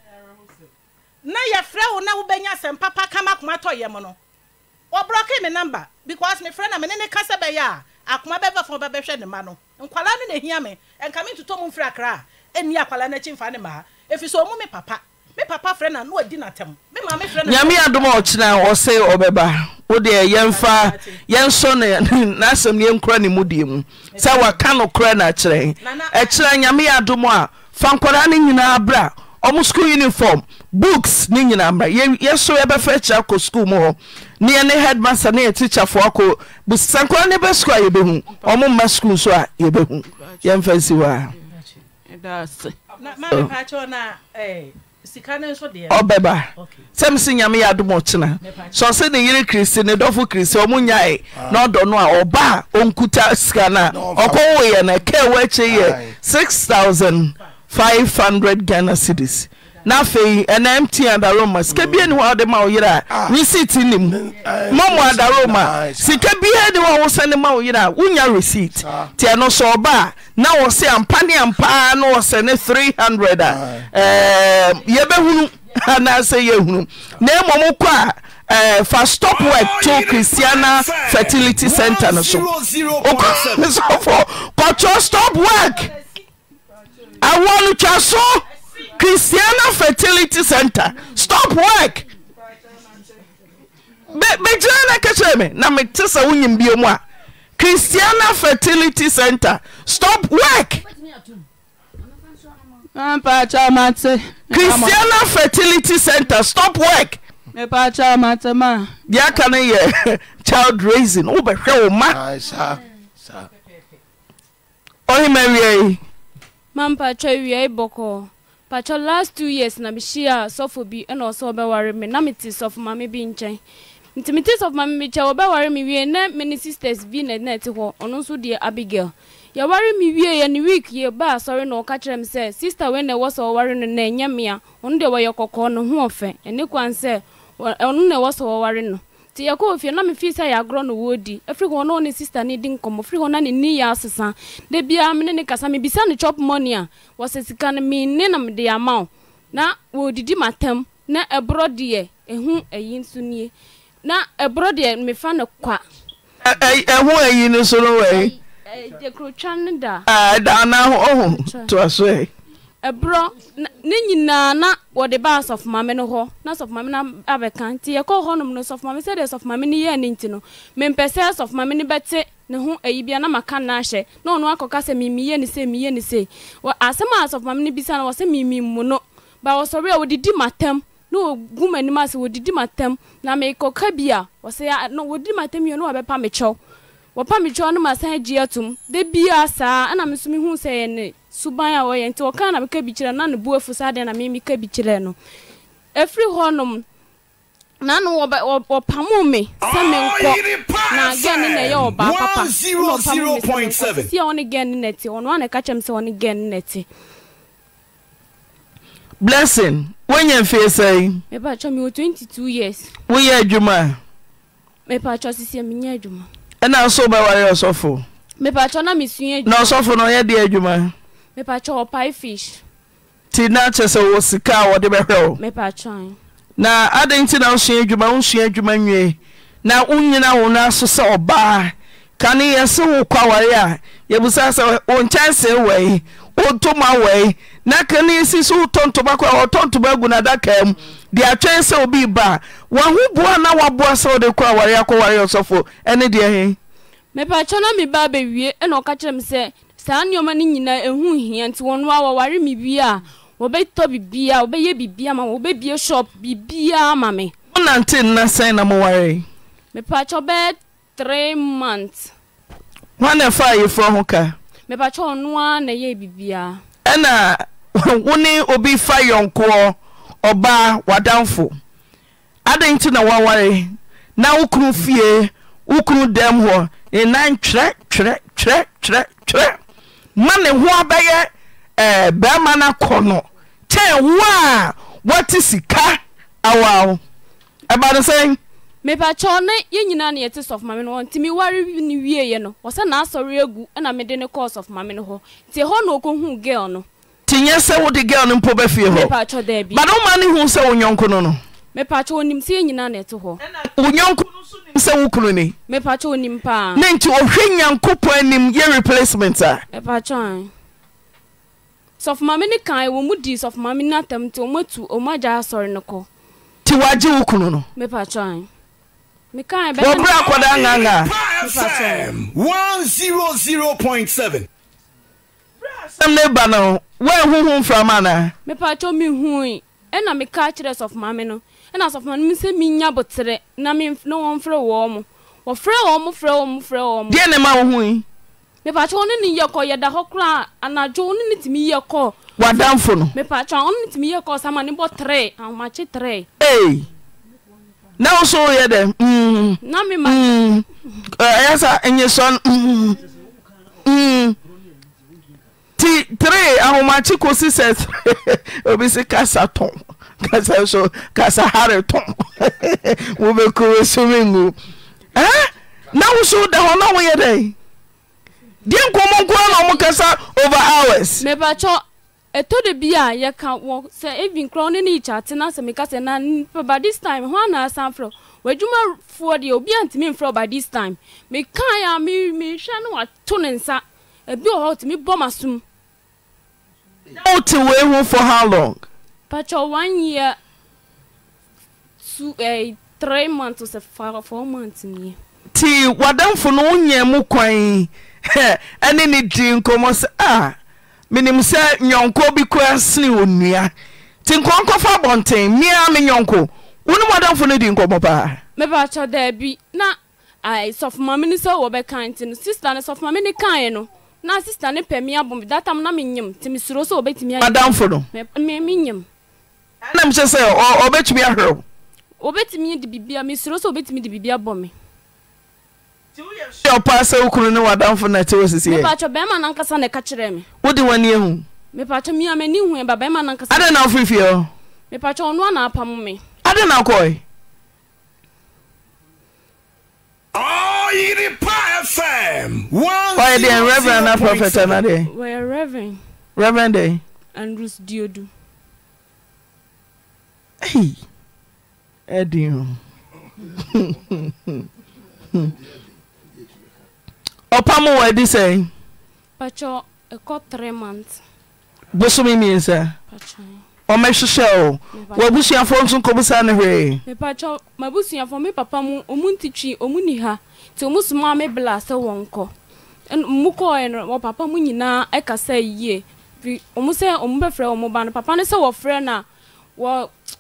na yɛfrɛ wo na wobɛnya asɛm papa kama akoma tɔ yɛ mu no ɔbrɔke me namba because mefrɛ na mene ne ka sɛ bɛyɛ a akoma bɛba fa bɛbɛhwɛ ne ma no nkwala no na hia me ɛnka mentotɔ mu mfiri akra a ɛnni akwala no akyi mfa ne maa ɛfiri sɛ ɔmu me papa me papa frɛ na na ɔdi natɛm me maame frɛ na nyame adom a ɔkyena ɔse ɔbɛba wo deɛ yɛmfa yɛnsɔ ne n'asɛm ne yɛnkura ne mu deɛ mu sɛ waka no korɛ no ɛkyerɛ nyame adom a fa nkɔraa nyinaa berɛ a ɔmo schuul uniform books ne nyinaa mmra yɛso yɛbɛfrɛ kyerɛ akɔ skuul mu hɔ ne yɛne headmaster ne yɛ tikyafoɔ akɔ busa nkora ne bɛ skuul a yɛbɛhu ɔmo mma skuul so a yɛbɛhu yɛmfa nsi hɔ a ɔbɛba sɛm se nyame yɛ adom ɔkyena sɛ ɔse ne yere kristi ne dɔfo kristi ɔmo nyae ah. na ɔdɔ no a ɔba a ɔnkuta sika no a ɔkɔ woyɛ no ɛkɛ wɔakyɛ yɛ 6000 five hundred ghana cedis na afei ɛna mtn adaroma sika bia ni hɔ ɔde ma wo yerɛ receipt ah. nim eh, mɔmɔ adaroma sika bia ni hɔ wosɛ ne ma wo yerɛ a receipt ah. tiɛ no sɛ ɔba a na wɔsɛ ampa ne ampaa na wɔsɛ ne three hundred a ɛɛ eh, yɛbɛhunu anaasɛ yɛhunu na mmom kɔ a. Uh, fa stop work to christiana fertility center no so okɔ ne sɔfo kɔtɔ stop work. awɔnotwa so christiana fertility centr stop work bɛgyira no ɛkakyerɛ me na mete sɛ wonyimbiomu a christiana fertility center sop wrkchrisana fertility center stop work deaka noyɛ child rasi wobɛhwɛ wo ma ma mpatsɔ ewia ebɔkɔ patsɔ last two years na mi hyia sɔfo bi ɛna ɔsɛ ɔbɛware na sɔfo maame bi nkyɛn nti mi sɔfo bi ɔbɛware wie ne mini sisters bi na hɔ ɔno nso deɛ abigail yɛware mi wie yɛ ne week yɛ ba asɔre na ɔka kyerɛ m sɛ sista wei na ɛwɔ sɛ ɔware no na ɛnyɛ mia ɔno deɛ wɔyɛ kɔkɔɔ ho ɔfɛ ɛne kwan sɛ ɔno na ɛwɔ sɛ ɔware no nti yɛkɔɔ fie na mefii sɛ yɛagorɔ no wɔdi ɛfiri hɔ na ɔne sister ne di nkɔmmɔ firi hɔ na ne ni yɛ asesa da biaa mene ne kasa mebisa ne chop money a wɔsɛ sika no menne na mede ama wo na wɔdidi matam na ɛborɔ deɛ ɛhu ayi nso nie na ɛborɔ deɛ mefa no kwa ɛho ayi no so no wɔ yi gyekurotwa no da ɛda na ɔho toa so ɛ ɛborɔ ne nyinaa na wɔde ba sɔfomame no hɔ na sɔfomame no abɛka nti yɛkɔ hɔnom no sɔfomame sɛdeɛ sɔfomame no yɛɛ ne nti no mempɛ sɛ sɔfomame no bɛte ne ho ayi bia na maka no ahyɛ na ɔno akɔka sɛ memiyɛ ne sɛ miyɛ ne sɛ asɛm a sɔfomame no bisa no wɔ sɛ memimu no ba wɔsɔre a wɔdedi matam na wɔgu m'anim ase wɔdedi matam na mekɔka bi a wɔsɛ wɔdedi matam yɛ na wɔbɛpa mekyɛw wɔpa mekyɛw no masan agye atom da biaa saa ɛna meso mehu sɛ yɛ ne suban a wɔyɛ nti wɔka na meka bi kyerɛ no na ne bu afu saa deɛ na memeka bi kyerɛ no ɛfiri hɔ nom na no wɔpamo me na gɛn ne na ɛyɛ papa na ɔpamo si gɛn ne na te na ɛka kyɛm sɛ gɛn ne na blessing mewɔ 22 years woyɛ adwuma a menyɛ adwuma ɛna ɔsɔfo na mesua adwuma na ɔsɔfo no ɔyɛ deɛ adwuma mepakyɛ ɔpae fish nti na kyerɛ sɛ wɔ sika a wɔde bɛhwɛ wo na adɛn nti na wosua adwuma wosua adwuma nwie na wonyina wo no aso sɛ ɔbaa ka ne yɛ se wo kwaware a yɛbusa sɛ wo nkyɛnsee wɔi wontoma wɔi na ka ne yɛsi so wotɔntoma kɔ a wɔtɔntoma agu egu n'adaka mu de atwɛn sɛ obi ba a bua na waboa sɛ wode kɔ aware akɔware ɔsɔfo ɛne deɛ he mepakyɛ na ba bɛwie ɛna ɔka kyerɛ sɛ saa nneɛma no nyinaa ɛho hia nti wɔn a wɔware me bi a wɔbɛtɔ bibia wɔbɛyɛ bibia ma shop bibia ma me. wonante nna sɛn na moware mepakyɛ bɛɛ three months hwan na ɛfa ka mepakyɛ ɔno na ɛyɛ bibia ɛna wo obi fa yɔnkoɔ ɔbaa wadamfo na na fie dɛm hɔ twerɛ twerɛ twerɛ twerɛ ma ne ho bɛyɛ bɛrima no kyɛn a woate sika awoawo ɛba no sɛn mepakyɛw ne yɛ nyinaa ne yɛte sɔfomame no hɔ nti meware ne wieeɛ no ɔsɛ agu na mede ne kɔɔ sɔfomame no hɔ na no nti nyɛ sɛ wode no mpo woma ne hu sɛ wo no no mepakyɛ onim sɛ yɛ na ɛte hɔ wonyɔnko sɛ wo kunu ni mepakyɛ onim paa ne nti ɔhwɛ nyankopɔn anim yɛ replacement a mepakyɛ sɔfoma me ne kae wɔ mu dii sɔfoma me no atam nti ɔmatu ɔmu agya asɔre no kɔ nti wagye wo kunu no mepakyɛ mekae wɔbrɛ akɔda nganga sɛm ne ba no woahuhu mframa anaa mepakyɛ mehui ɛna meka kyerɛ sɔfoma no ɛna sɔfoa nomsɛ meya boterɛ na wɔmferɛ wɔ m ɔfrɛ wɔm ffɛwmdeɛ ne ma wohui mpaak wone ne yɛ kɔ yɛdahɔ kora anajo wone ne timi yɛ kɔ wadamfo nopnn timiyɛ ksaanbɔtrɛ hoae trɛ na wosoyɛ dɛ ɛsa mm-hmm. mm-hmm. yesɔn mm-hmm. ti tre ahomakye kosi sɛ obisi kasa tɔn kasa so kasa hare tɔn wobɛkuro sumi ngu na woso da hɔ na woyɛ dɛn deɛ nkɔmmɔ nkoa na ɔmo kasa over hours mepakyɛ ɛtɔ de bi a yɛka wɔ sɛ even korɔ ne ne yikya tena sɛ meka na nipa ba this time ho anaa san frɛ w'adwumafoɔ deɛ obi antumi mfrɛ ba this time mekae a mehwɛ no wato ne nsa ebi wɔ hɔ tumi bɔ ma som wote wei ho for how long But your one year, two, uh, three months was a four, four months in here. Ti wadamfo no nyɛ mu kwan ɛne ne di nkɔmɔ sɛ a menim sɛ nyɔnko bi koraa sene onua nti nkɔnkɔfa abɔnten mmea me nyɔnko wo ne wadamfo no di nkɔmɔ paa mebɛkyɛ daabi na me no sɛ wɔbɛka nti no sista no sɔfomame no kaeɛ no na sister ne pɛ me abɔ me datam na menyem nti mesuro sɛ wɔbɛtumi ayɛ madamfo no menyem me, me, ɛnam hyɛ sɛ ɔbɛtumi ahwerɛw obɛtumi de bibia mesuro sɛ obɛtumi de bibia bɔ me ɔpaa sɛ wo kunu ne wadamfo na ɛte wɔ sisiɛ mepatwɔ bɛrima nankasa na ɛka kyerɛɛ me wode w'ani ahu mepatwɔ mia m'ani hu ba bɛrima nankasa adɛn na wofiri fie hɔ mepatwɔ ɔno ana apam me adɛn na wokɔe Oyiri Pa FM. Why the Reverend and Prophet Anade? Reverend? Reverend Andrews Diodu. Eddie. Ọpamu wọ ẹdi sẹ. Pàtjọ ẹkọ three months. Bosomi mmiɛnsa. Ọmọ ẹhyehyẹ o. W'abusuafo nso nkɔbusa ne hwee. Mipatjọ m'abusuafo mi papa mu omu ntitwi omu ni ha nti omu soma mi bla sɛ wɔn kɔ. Mu kɔɔ no papa mu nyinaa ɛkasa yie. Omu sɛ omu bɛfrɛ wɔn ba no papa no sɛ na. wɔ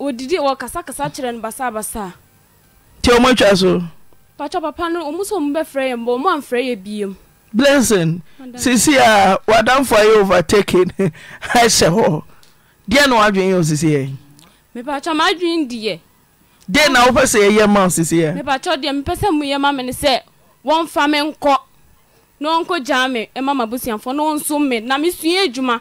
wɔdidi wɔkasakasa kyerɛ no basabasa nti ɔmo atwa so patɔ papa no ɔmo sɛ ɔmo bɛfrɛ yɛn bɔ ɔmo amfrɛ yɛ biom blessing sisi a wadamfo ayɛ overtaking ahyɛ hɔ deɛ na wadwene yɛ sisi yɛ mepatɔ madwene deɛ deɛ na wopɛ sɛ yɛyɛ ma sisi yɛ mepatɔ deɛ mepɛ sɛ moyɛ ma me ne sɛ wɔmfa me nkɔ na ɔnkɔ gyaa me ma m'abusuafoɔ na ɔnsom me na mesua adwuma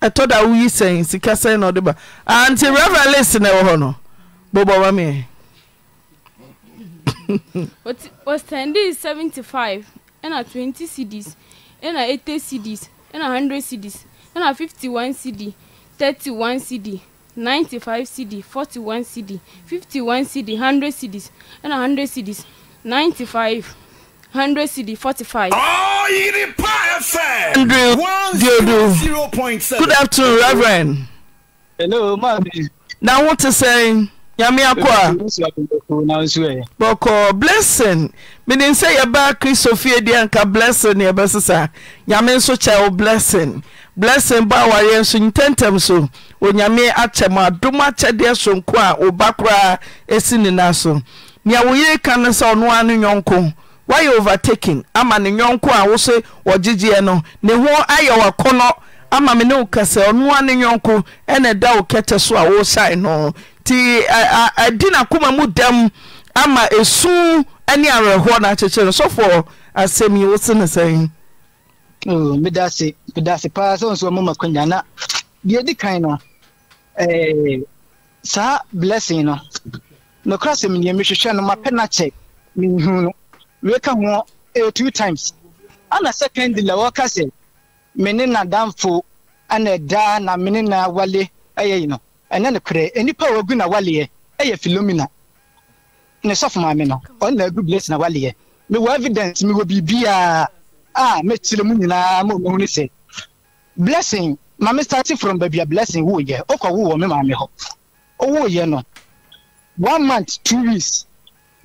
ɛtɔ da woyi sɛn sika sɛn na ɔde ba anti reverend list na ɛwɔ hɔ no bobɔ ma meɛ wɔsɛndee 75 ɛna 20 cds ɛna 80 cds ɛna 100 cds ɛna 51 cd 31 cd 95 cd 41 cd 51 cd Hundred cds ɛna hundred cds Ninety-five. hundred cd forty five. ọ̀yìnrì oh, pa ẹ̀fẹ̀. andrew diodu good afternoon reverend. hello maami. na nwoke ti sẹ́yìn nyame akwa a Boko uh, blessing menim nse yɛbaa a fie deɛ anka blessing ne yɛbɛsesa nyame nso kyɛ o oh, blessing blessing bɔ awareɛ nso ntɛntɛm so onyame oh, akyɛ m adom sonko a wo ba koraa ɛsi ne na so nea wo yere ka no sɛ ɔno a wayɛ overtaking ama ne nyɔnko a wo se wɔgyegyeɛ no ne ho oh, ayɛ wakɔnnɔ ama me ne wo ka sɛ ɔnoa ne nyɔnko ɛne da wo kɛtɛ so a wosae no nti adi nakoma mu dɛm ama ɛsu ne awerɛhoɔ no akyekyere no sɔfoɔ asɛm yi wo se ne sɛn meda se meda paa sɛ nso mama kwanya na deɛ di kan no eh, saa blessing no nokora sɛ menea mehwehwɛ no mapɛ no akyɛ menhu no wee ka eh, two times ana secondly la wɔka sɛ mene Danfo, ana daa na mene na wale ɛyɛ yi no ɛnɛ no korɛ nnipa na waleɛ ɛyɛ philomena ne sɔfo maame no na agu bless na waleɛ mewɔ evidence mewɔ biribiaa a mechiri mụ nyinaa ma ɔmɛhu no blessing maame start from baabi a blessing wooyɛ ɔkɔ woo wɔ me maame hɔ ɔwooyɛ no one month two weeks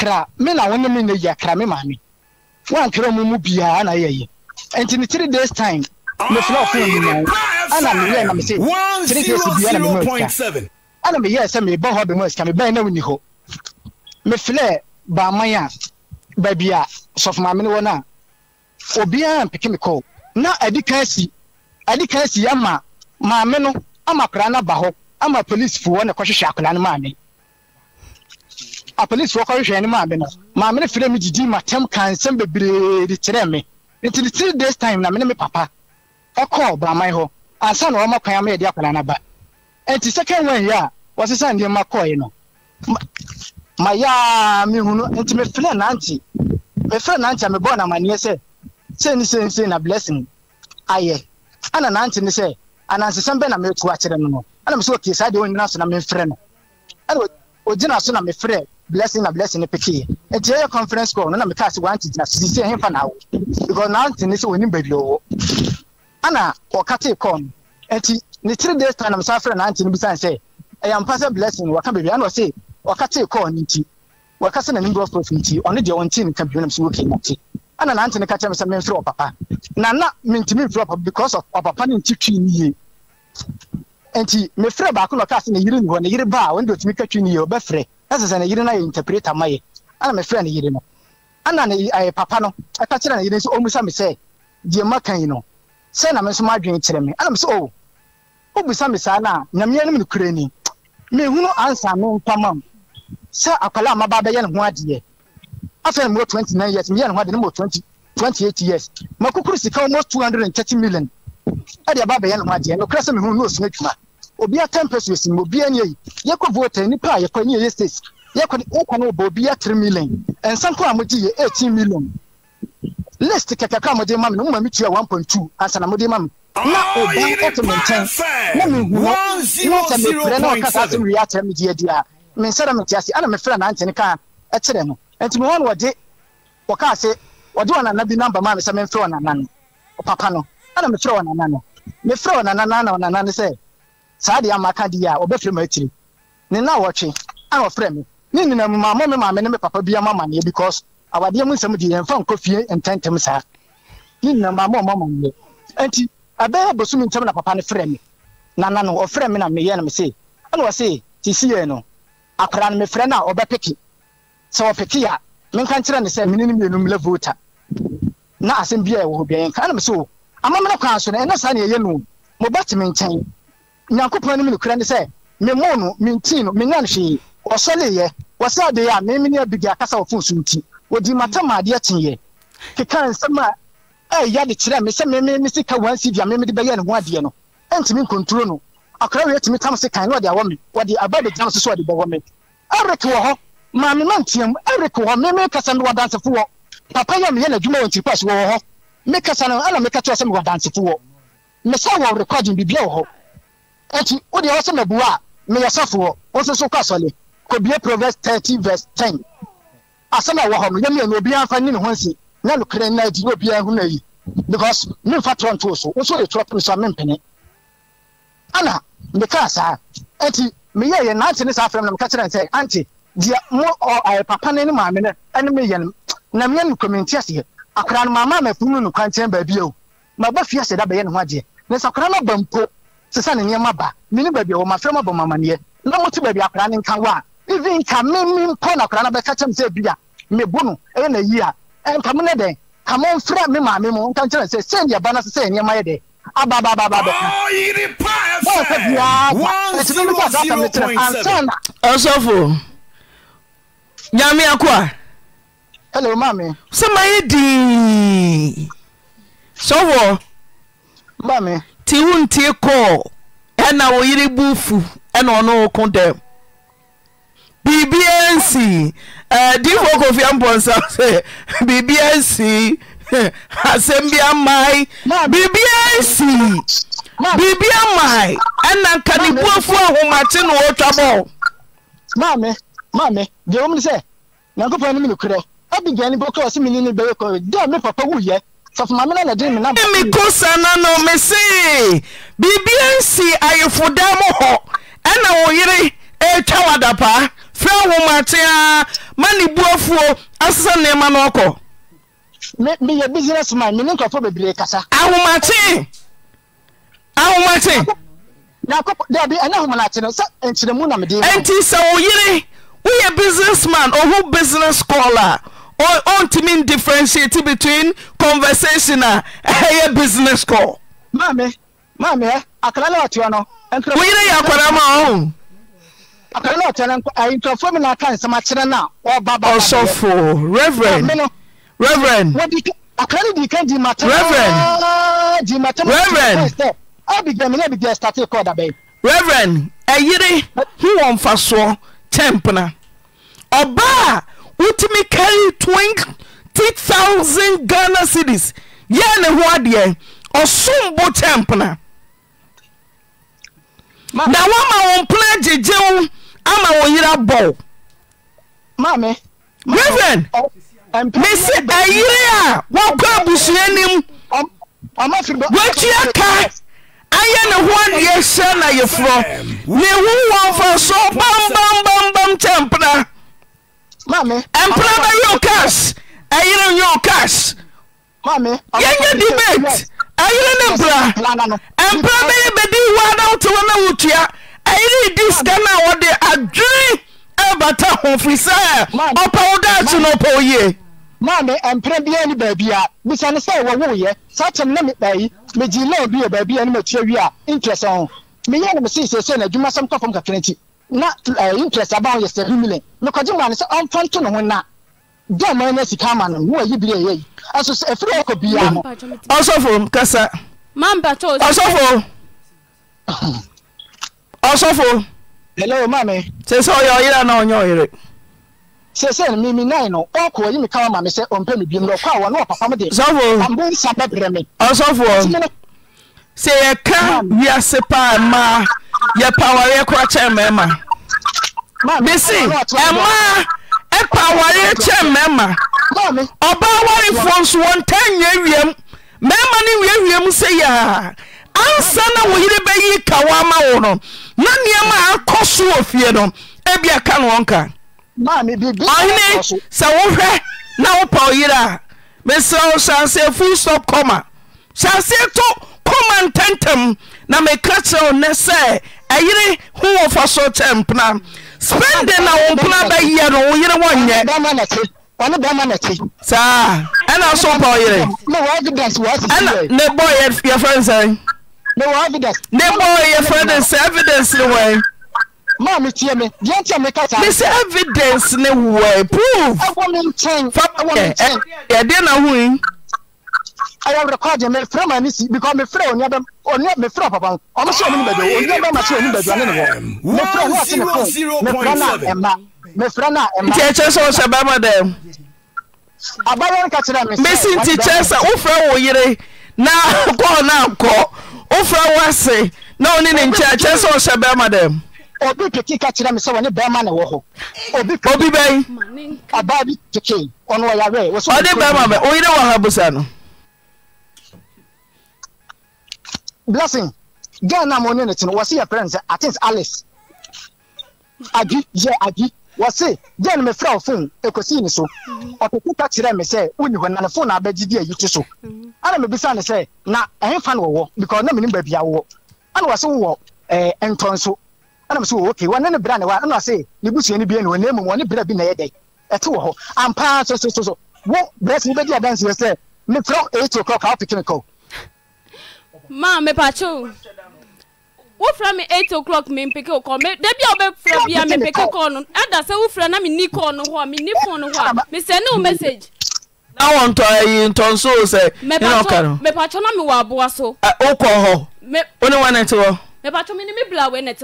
kra me na wɔne me na yi akra me maame wɔantwerɛ mu mu biara na yɛyɛ nti ne three days time mefrɛ ɔfo mu nyinaa ana meyɛ na mese three days biara na mema sika ana meyɛ sɛ mebɔ hɔ bɛma sika mebɛn na wonni hɔ mefrɛ baaman a baabi a sɔfomaame ne wɔ no a obiara mpeke me kɔɔ na adi kan si adi kan si ama maame no ama akwadaa no aba hɔ ama polisifoɔ na kɔhwehwɛ akwadaa no maame apolisi wɔkɔhwehwɛ ne maame no maame no firi mi didi ma tɛm ka nsɛm bebree de kyerɛ me nti the three days time na me ne me papa ɔkɔɔ braman hɔ ansa na ɔma kwan ama yɛde akwadaa n'aba nti second one yɛ a wɔsesa nneɛma kɔɔɛ no ma yaa mi hunu nti me nante me nante a me bɔɔ sɛ sɛ ni sɛ nsɛ na blessing ayɛ ɛna nante ne sɛ anansesɛm bɛ na me no no ɛna me sɛ okie saa deɛ onyina so na me no ɛna ogyina so na me blessing na blessing ni pekee nti yɛyɛ conference call no na meka ase wante gyina sisi ɛhefa na awo because nante ne sɛ wɔnim baabi ɔwɔ ana ɔkate call no nti ne three days time na mesa frɛ nante no bisan sɛ ɛyɛ mpa sɛ blessing waka baabi ana ɔse ɔkate call no nti wɔkasa na ne brɔ prof nti ɔno deɛ ɔnte ne kampion nam sɛ wɔkɛ nante ana nante no ka kyerɛ me sɛ memfrɛ ɔpapa na na mentumi mfrɛ ɔpapa because ɔpapa no nti twi ne yie nti mefrɛ baako na ɔkaa sɛ ne yere ni hɔ ne yere ba a ɔno deɛ ka twi ne yie ɔbɛfrɛ na sɛ sɛ ne yere no ayɛ interpreter ma yɛ ana mɛfrɛ ne yere no ana ne ayɛ eh, papa no ɛka kyerɛ ne yere nso ɔmusa me sɛ deɛ ma kan yi no sɛ na me nso m'adwene kyerɛ me ana me sɛ o oh, ɔbusa me saa na nyamea no mu nokura ni mehunu ansa me mpama m sɛ akwala a maba bɛyɛ ne ho adeɛ afei na mewɔ 29 years meyɛ ne ho adeɛ na mewɔ 20 28 years makokuru sika almost 230 million ɛde aba bɛyɛ ne ho adeɛ nokora sɛ mehunu ne ɔsua adwuma obi atam pesos mu obi ani yi yɛkɔ voter nipa a yɛkɔ ni yɛ state yɛkɔ wokɔ no wobɔ obi a three million nsanko a mogye yɛ eighteen million list kɛkɛkɛ a mogye ma me no moma metua one point two ansa na mogye ma me na oba ɔte me nkyɛn na mehu no na sɛ mefrɛ na ɔka saa asɛm wie akyerɛ me deɛ deɛ a mensɛdɛ mete ase na mefrɛ nantene kaa ɛkyerɛ no nti me hɔ no wɔde wɔkaa se wɔde ɔnana bi namba ma me sɛ memfrɛ ɔnana no papa no ana mefrɛ ɔnana no mefrɛ ɔnana no ana ɔnana no sɛ saa deɛ amaka deɛ a ɔbɛfiri mu akyiri ne na wɔtwe a ɔfrɛ me ne nina mu maame me maame ne me papa bi ama amaneɛ because awadeɛ mu nsɛm deɛ yɛmfa nkɔ fie ntɛntɛm saa ne nina maame ɔma amaneɛ nti ɛbɛyɛ abosom ntɛm na papa no frɛ me na na no ɔfrɛ me na meyɛ no me se ɛna ɔse te si yɛn no akwadaa no mefrɛ no a ɔbɛpeke sɛ ɔpeke a menka nkyerɛ ne sɛ mene no mmienu mla vota na asɛm bi a ɛwɔ hɔ biara nka ɛna me se o amammerɛ kwan so no ɛna saa ne ɛyɛ no mobɛte me nkyɛn nyankopɔn no mu nokorɛ ne sɛ memo no mentii no menya no hwee ɔsɔleyɛ wɔsɛ ade a memene abiga akasa wɔ fon so nti wɔdi matamaadeɛ kyeeɛ keka nsɛm a ɛyɛ de kyerɛ me sɛ meme me sika wan sivi a memede bɛyɛ ne ho adeɛ no ɛntumi nkonturo no akora wei atumi tam sekan na ɔde awɔ me wɔde aba de gyina no so so ɔde bɛwɔ me eric wɔ hɔ maame ma nteam eric wɔ hɔ meme kasa no wɔdansefo wɔ papa yɛ meyɛ n'adwuma wɔ ntirikɔ so wɔwɔ hɔ mekasa no ɛna meka kyerɛ sɛ mewɔ dansefo wɔ mesa wɔ recording biribia wɔ hɔ eti o deɛ ɔsɛ mɛbu a meyɛ sɔfoɔ o kɔ asɔle kɔbie proverbs thirty verse ten asɛm a ɛwɔ hɔ no yɛ mmienu obi anfa ne ne ho nsi na nukuri nna edi obi ahu na yi because ne nfa tɔn to so o nso de tɔn to so a me mpene ana ne kaa saa eti meyɛ yɛ nante ne saa fɛn mu na meka kyerɛ nsɛ ante deɛ mo ɔ ɛɛ papa ne ne maame ne ɛne me yɛ no na meyɛ no kɔmɛnti aseɛ akwaraa no maama amafunu no kwankyɛn baabi o ma bɔ fie asɛ da bɛyɛ ne ho adeɛ ne nsa akwaraa no ba mpo sisa nneɛma ba baabi a wɔ mafrɛ mabɔ mamanneɛ na mote baabi akora ne nka wɔ a even nka meme mpɔ na akora no bɛka kyɛm sɛ bi a mebu no ɛyɛ na yi a ɛnka mo ne dɛn ka momfrɛ maame mu nka sɛ ba sɛ nneɛma yɛ dɛ nyame a hello maame sɛ yɛ nti kɔɔ ɛna wo yere fu ɛna ɔno ko dɛm biribia nsii difoɔ kofia mpɔnsa sɛ biribia nsii asɛm bia mmae biribia nsii biribia mmae ɛna nka ahomakye na wɔtwa bɔɔ maame maame deɛ wɔm ne sɛ nyankopɔn no me nokorɛ bɛyɛ kɔ papa sọfúnmami náà nàdí mi náà. ẹ mi kó sanna nù mí sí bíbí ẹ ń si àyèfòdà mu họ ẹ na wò yiri ẹ twa wà dàpá fẹ ahomatea má ní bu afuo asesa nneɛma na ɔkɔ. mi mi yɛ business man mi ni nkurɔfo bebree kasa. ahomate ahomate. n'akɔpɔ dɛbi ɛna ahomate no sɛ nkyɛnmu na mi di. ɛnti sɛ wò yiri woyɛ business man ohu business call a ɔntumi differentiate between. eɛvrev reverend ɛyere ho wɔ mfasoɔ tɛmpena ɔba a wotumi karre twink fifty thousand ghana cities yɛn ne ho adeɛ ɔsom bo champion. mpena na woama wo mpena gyegye wo ama wo yera bɔw reverend mesi ayere a wɔkɔ abusua nim woatua ka ayɛ ne ho adeɛ hyɛ na yeforɔ ne ho wɔmfa so bambambambam kyɛ mpena mpena bɛyɛ o cash ɛyere nye o cash yɛnyɛ debate ɛyere ne mpra mpra bɛyɛ bɛdi wa na wote wɔ na wotua ɛyere di sika na wɔde adwiri ɛbata ho firi sɛ ɔpɛ wo daakye na ɔpɛ wo yie maame mpere biara ni baabi a bisa ne sɛ wɔwo yɛ satan na me megye lɔn bi wɔ baabi a ne matua wi a interest ho meyɛ ne mese sɛsɛ na adwuma sɛm kɔfam kakra nti na interest aba ho yɛ sɛ million mekɔgye maa ne sɛ ɔmfa nto ne ho na faɛ ɔf sɛ yɛka wiase pa ɛma yɛpawayɛ kra kemama ɛkɔ awareɛ kyɛ mmarima ɔbaa awarefoɔ nso wɔnta nyɛ wiem mmarima no wiewiem sɛ yɛ ansa na wo yere bɛyi ka wo ama wo no na nneɛma a akɔ so wɔ fie no ebi aka no wɔn ka ɔhene sɛ wohwɛ na wopa wo yere a mesrɛ wo hyɛnseɛ full stop kɔma hyɛnseɛ to kɔma ntɛntɛm na meka kyerɛ wo nnɛ sɛ ɛyere ho wɔ fa so kyɛ mpena spending na wọn kuna bɛ yɛ no wọn yere wọn nyɛ. bɛrima na ti wọn ni bɛrima na ti. saa ɛna so pa ɔyere. ne wɔ evidence wɔ sisi yɛ. ɛna ne bɔ yɛ yɛ fɛn sɛn. ne wɔ evidence. ne bɔ yɛ fɛn sɛ evidence eh, ni wɔn. maa mi tiɛ mi diɛ tiɛ mi ka taa. bisi evidence ni wɔn proof. ɛwɔ mi nkyɛn ɛwɔ mi nkyɛn. ɛdeɛ na hu yi. I will record your friend and see because my friend never or not my friend papa. I'm sure I'm better. You never match any better than anyone. My friend was in the phone. My friend Emma. My friend Emma. Teacher so she be madam. Abayan ka kira me. Mesin teacher sa wo friend wo yire na go na ko. Wo wo ase na oni ne teacher so she be madam. Obi peke ka kira me so woni be ma na wo ho. Obi obi ben. bi peke ono ya we. be ma me. Oyire wa ha busa no. blessing girl na mo ne ne tino wɔsi yɛ parents i think alice adi yɛ adi wɔsi girl mi fira o phone ekosi ni so ɔtɔtɔ ta kyerɛ mi sɛ wuli hɔ na ne phone abɛgye di ayi to so ɛna mhm. mi bisa ne sɛ na ɛhin fan wɔwɔ because ne mi ni baabi awɔ ɛna wɔsi wɔ ɛɛ ntɔn so ɛna mi sɛ okay wɔn ne ne bira ne wa ɛna wɔsi ne busua ni bie ne wɔn ne mu wɔn ne bira bi na yɛ dɛ ɛte wɔ hɔ ampa so so so so wɔn brɛsi bɛ di adansi yɛ sɛ mi fira eight o'clock awo pikin kɔ ma mepatye o wofrɛ me eight o'clock mempeke e wo kɔ da bi a bia mempeke kɔɔ no ada sɛ wofrɛ na menni kɔɔ no hɔ a menni fon no hɔ a mesɛne wo message na wɔ to ayi eh, ntɔnso sɛ ɛnɔka no mepatye na mewɔ aboa so wokɔ eh, hɔ wo ne wa ne te hɔ mepatye me ne me blawe ne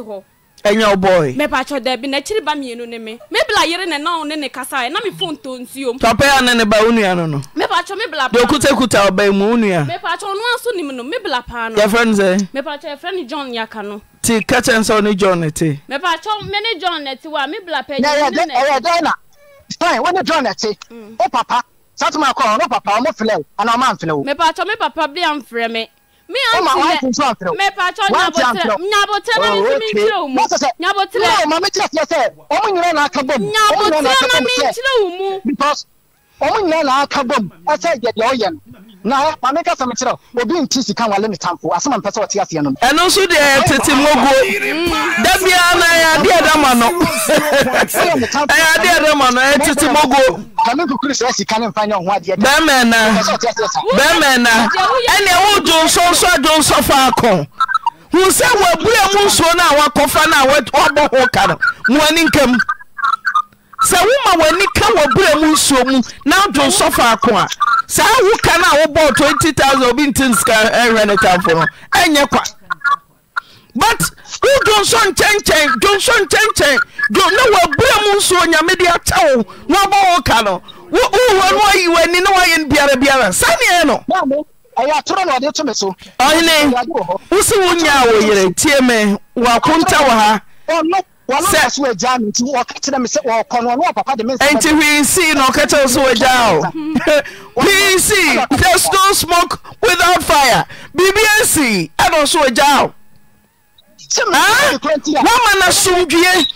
ɛnwa wo bɔɔe mɛpakyɛ daabi n'akyiri ba mmienu ne me mebla yere ne na wo ne ne kasa ɛ e, na me fon tɔ nsuom papa a ne ne ba wo nua no no mɛpakyɛ mebla deɛ okutakuta ɔbɛn mu wo nua mɛpakyɛ ɔno ni nim no mebla paa no yɛfrɛ no sɛ mɛpakyɛ yɛfrɛ no john yaka no ti kɛkyɛ nsɛ wo john ne te mɛpakyɛ me ni john eh, ne te wa mebla pɛ ɛyɛ dɛn na fine wo ne john ne te wo papa satuma kɔ ɔno papa ɔmo filɛ wo anaa ɔmo amfilɛ wo mɛpakyɛ me papa bi amfrɛ me Oh, mamettke omeyrnakabo wɔn nyinaa na aka bom ɛsɛ yɛ deɛ ɔyɛ no na maame kasa mi kyerɛ obi nti sika wale ne tamfo asoma mpɛ sɛ ɔte aseɛ no. ɛno nso deɛ tete mogo dabi ana ɛyɛ adeɛ dama no ɛyɛ adeɛ dama no ɛyɛ tete mogo. kàmi kukuru sɛ sika ne nfa nyɛ ɔho adeɛ. bɛɛmɛ na bɛɛmɛ na ɛnna ɛwɔ donso nso adonso faako wusɛ wɔ abura mu nsuo na awakɔfa na ɔbɔ ho ka no mu ani sɛ woma w'ani ka wɔberɛ mu nsuo mu na adwo nsɔfa faako a saa ahụ ka no a wobɔɔ 20000 obi nti nsika hwɛ ne tamfo no ɛnyɛ kwa but wo nso nkyɛnkyɛn nche nkyɛnkyɛn na wɔaberɛ mu nsuo nyame de akyɛ wo na wabɔ wo ka no wowa no ayi w'ani na woayɛ no biara biara saa neɛ no ɔhene wo se wonyaa wo yere tie me wɔakonta wɔ ha sɛ ɛnti hwii sii na ɔkɛkyɛ wo so wɔgya o hwii sii there's no smoke without fire biribia sii ɛna ɔso wɔgya o woama no somdwie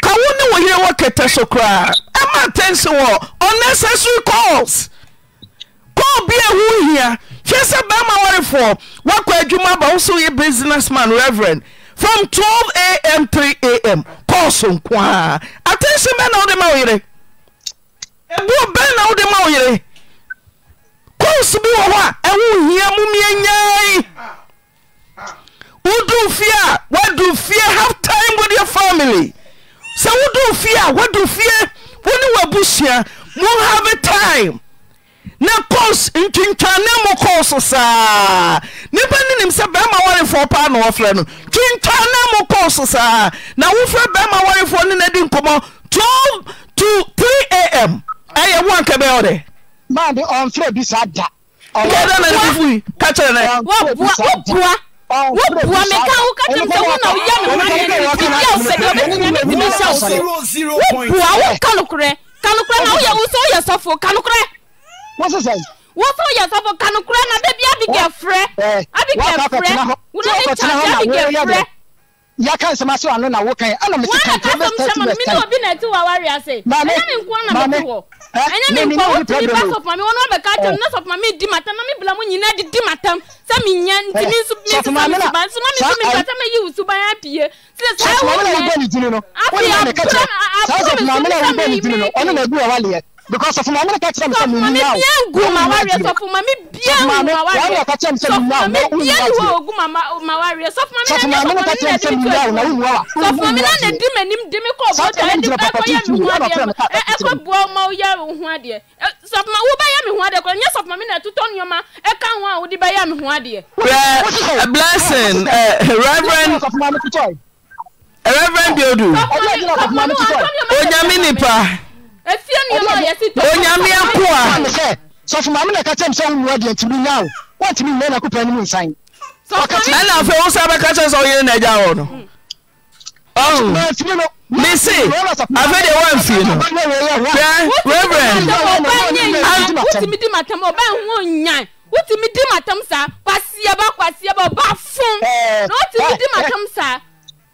ka wo ne wo yere wɔ kɛtɛ so koraa ɛma attention wɔ unnecessary calls call bi a ho hia hwɛ sɛ bɛrima warefoɔ woakɔ adwuma ba wo so woyɛ business man reverend from 12am 3am kɔɔso nko a atensi bɛn na wode ma wo yere boɔ bɛn na wode ma wo yere kɔɔso bi wɔ hɔ a ɛho hia mu mianyai wodu fie a woadu fie have time with your family sɛ wodu fie a woadu fie wo ne w'abusua mo have time na cos ntwintwane mu kɔɔso saa nnipa no nim sɛ bɛrima warefoɔ paa na wɔfrɛ no twintwane mu kɔɔso saa na wofrɛ bɛrima warefoɔ ne nadi nkɔmmɔ 12 to 3 am ɛyɛ wo anka bɛyɛ ɔdɛ maade ɔmfrɛ bi saa da kɛdɛ na ne fufui ka kyerɛ nɛ woboa woboa meka wo ka kyerɛ sɛ wona woyɛ me hwaneɛ sɛ deɛ wobɛtumi me tumi hyɛ wo se woboa woka nokorɛ ka nokorɛ na woyɛ wo sɛ woyɛ sɔfoɔ ka nokorɛ wọ́n sọ oh. sẹ́yìn. wọ́n sọ eh, yẹ sọ́fọ̀ kanukura na bẹ́ẹ̀ bí abigail frẹ́ abigail frẹ́ wọ́n ní ìtàjẹ́ abigail frẹ́. yà kàn sẹ́mi aṣọ àná na wọ́n kàn yẹn ẹ̀nà mi sì kàn tó bẹ́ẹ̀ tẹ́tí bẹ́ẹ̀ tẹ́tí. maame maame maame ɛnyɛ ne nkɔ wotumi ba sɔpoma mi wɔn bɛ ka kyɛm na sɔpoma mi di ma tam na mi bila mu nyinaa di di ma tam sɛ mi nya nti mi nso mi nso mi suba nso ma mi nso mi suba sɛ mi yi wusu ban apie sɛ sɛ ɛwɔ yɛ apie apura apura mi nso mi sɛ mi yi mi because of maame ka kyerɛ me sɛ memu now sɔfo maame bia ngu ma wareɛ sɔfo maame bia ngu ma wareɛ sɔfo maame bia ngu ma ogu ma wareɛ sɔfo maame na sɔfo maame na di mi now na wunwa wa sɔfo maame na na di m'anim di mi kɔ bɔtɔ ɛdi ɛkɔ yɛ mi ho adeɛ ɛkɔ bua ma yɛ mi ho adeɛ sɔfo ma wo bɛ yɛ mi ho adeɛ kɔ nyɛ sɔfo maame na tutɔ nneɛma ɛka ho a wodi bɛ yɛ mi ho adeɛ. rɛ blessing reverend reverend biodu onyame nipa efie nneɛma a yɛsi tɔ onyame ako a sɔfo maame na ɛka kyɛm sɛ wonua deɛ ntimi nya wo woantimi nnɛ na kopɛ no mu nsan ɛna afei wo sɛ bɛka kyɛ sɛ woyere na agya wɔ no ɔhu oh. me se afei deɛ woamfie no hwɛ reverend wotumi di matam saa kwasiaba kwasiaba ɔba fom eh, na wotumi eh, di matam eh. saa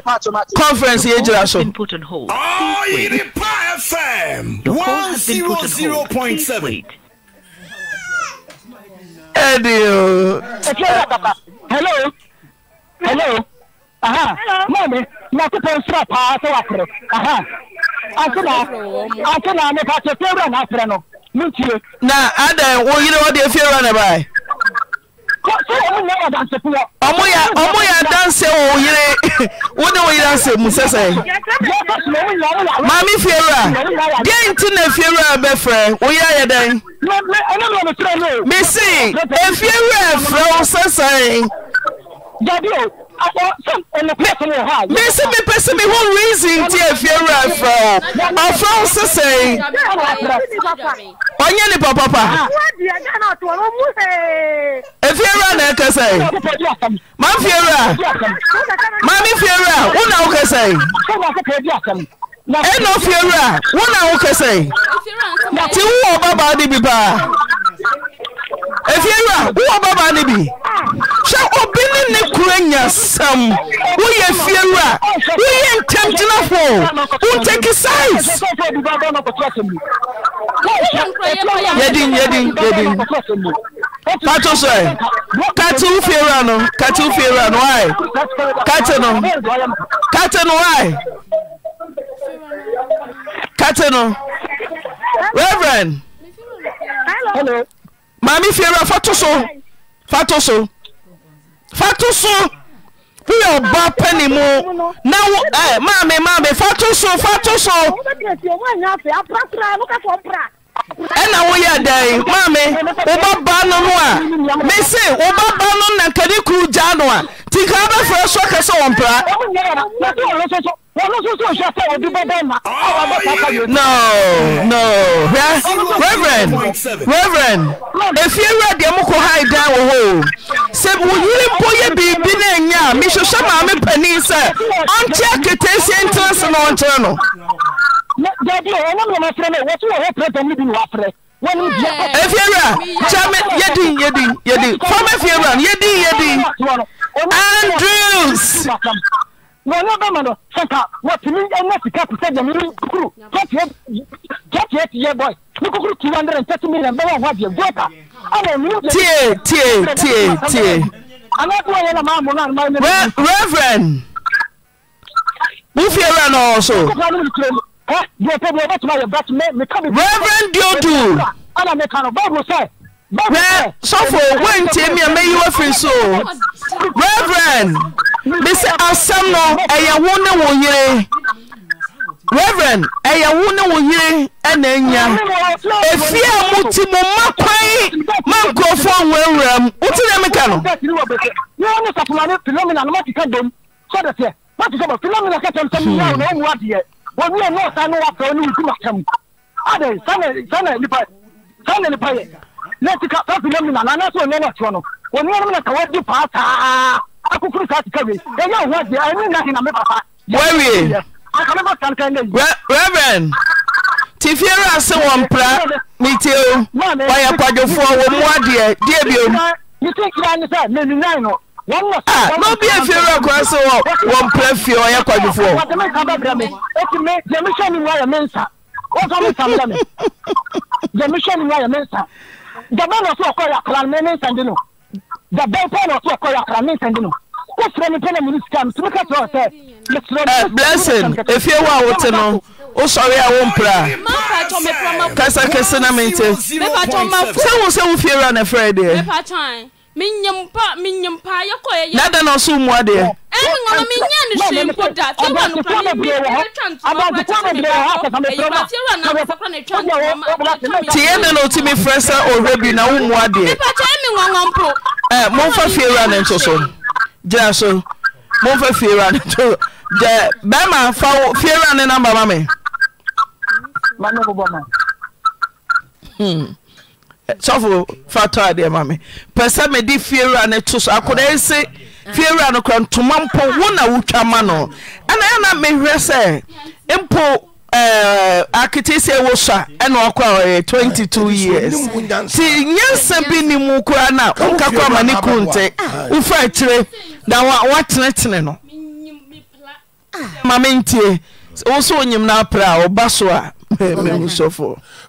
conference yẹn gyina so. ọ̀yìnbá fm one zero zero point seven. ẹ di o. ẹ ti ọ̀rọ̀ àtàkà hello hello aha maami n'akókò nsúra paa sọ wà kúrò aha asúnà asúnà nípa tó fẹ́ràn náà fẹ́ràn nù mí tiẹ̀. na adan wọ́n yí ni wọ́n di efi ẹ̀rọ náà báyìí ọmụ ya ọmụ ya danse wọ oyere wọde oyere ase mu sese maami fiera die nti na fiera bɛfrɛ oyere ayɛ dɛ mesi efiera frɛ wo sese mesi mepɛ sɛ mehɔ reason nti afie wura afrɛ o ɔfrɛ wo sesɛe ɔnyɛ nipa papa afie wura na ɛkɛ sɛe mamfie wura mame fie wura wo na wokɛ sɛe ɛna ofie wura wo na wokɛ sɛe nti wowɔ babaa Di bi paa efiewura wowɔ baba ne bi hyɛ obi ne ne kura nyasam woyɛ fiewura woyɛ ntɛmtenafo wontaki size yɛdin Yedin. yɛdin pato so ɛ kate wo fiewura no kate wo fiewura no wae kate no kate no wae kate no reverend Hello. Hello maame fie wura fato so fato so fato so woyɛ ɔba pɛni mu na wo ɛ maame maame fato so fato so ɛna woyɛ dɛn maame woba no no a mese woba no na kane kuru gyaa no a nti nka bɛfrɛ so kɛ sɛ wɔmpra no no hwɛ reverend reverend efie wura deɛ mo kɔ ha dan wɔ hɔ sɛ wo yiri mpo yɛ biribi na enya a mehwehwɛ maame panin sɛ ɔnkyɛ ketesia ntenase na ɔnkyerɛ no dade ɔno na ɔmafrɛ no wɔso wɔ hɔ prɛ tam no bi ne wafrɛ wɔne bia afiewura kyɛme yɛdin yɛdin yɛdin fam afiewura no yɛdin yɛdin andrews wɔnyɛ bɛma no sɛnka wɔtumi anya sika te sɛ deɛ mere kuru kyɛteɛ teyɛ bɔe me kokoro two hundred and thirty million bɛwɔ ho adeɛ goka ana ɔnu tie tie tie tie anaɛde wɔyɛ na maamo no anoma reverend wofiewura no ɔwɔ so deɛ bi ɔbɛtuma yɛ bat mɛ mɛ ka mi. reverend diodu. ana mi kan no baabu sɛ. rɛ sɔfo wɔntie mi a mɛyi wɔ firi so reverend mesɛ asɛm no ɛyɛ wo ne wo yere reverend ɛyɛ wo ne wo yere ɛna anya efie a mo ti mo ma kwan ma nkurɔfoɔ nwurawura mu wote deɛ meka no wɔn yɛ nɔɔsa ne wafɛ ne wusu n'atɛm adɛ sɛnɛ sɛnɛ nipa sɛnɛ nipa yɛ n'eti ka fɛn fili mu na na n'asɔ nyɛ n'atɔ no wɔn yɛ no na ka wɔdi paa saa akukuru saa sika wei ɛyɛ ahu adiɛ ɛni na hinna mi papa. wɔwie reverend tifiere ase wɔn mpira ne tie o wɔyɛ kwadwofoɔ wɔn mu adeɛ die bi o. mi ti kira ni sɛ mɛ nina yi no. Ah, no be a favorite question wɔ wɔn pɛ fie ɔyɛ kwadwofo. wɔde mi nsa bɛ brɛ mi eti mi jɛ mi hyɛ ni mu ayɛ mi nsa mi nsa brɛ mi jɛ mi hyɛ ni mu ayɛ mi nsa jaba na ɔsɔ ɔkɔ yɛ akara mi mi nsa di no jaba pɛ na ɔsɔ ɔkɔ mi nsa di o sira mi mi ni mi tumi ka sɔrɔ sɛ. ɛ blessing efie wo a wote no o sɔre a wo mi n te sɛ wo sɛ wo fie ra na menyampa menyampa yɛkɔɛ yɛ na eh, da na ɔso mu adeɛ ɛne ŋɔno menyɛ ne hwee mpo da fɛwa no tiɛ ne na ɔtumi frɛ sɛ ɔwerɛ bi na womu adeɛ mepɛkyɛ me ŋɔŋɔ mpo momfa fie wura ne nto so gyina so momfa fie wura ne nto so bɛrima fa wo fie wura ne namba ma me sɛfo fatɔ adeɛ ma me pɛ sɛ mede fiewura no to so akodaa se fiewura no kora ntoma mpo wo na wotwa ma no ɛna ɛna mehwerɛ sɛ mpo aketesia wɔ so a ɛna ɔkɔ a ɔyɛ 22 years nti nyɛnsa bi ne mu koraa na wonka kɔ ama ne ku nte akyire na woatenetene no ah. ma mentie wo so wonyim no aprɛ a ɔba so a mahu sɔfoɔ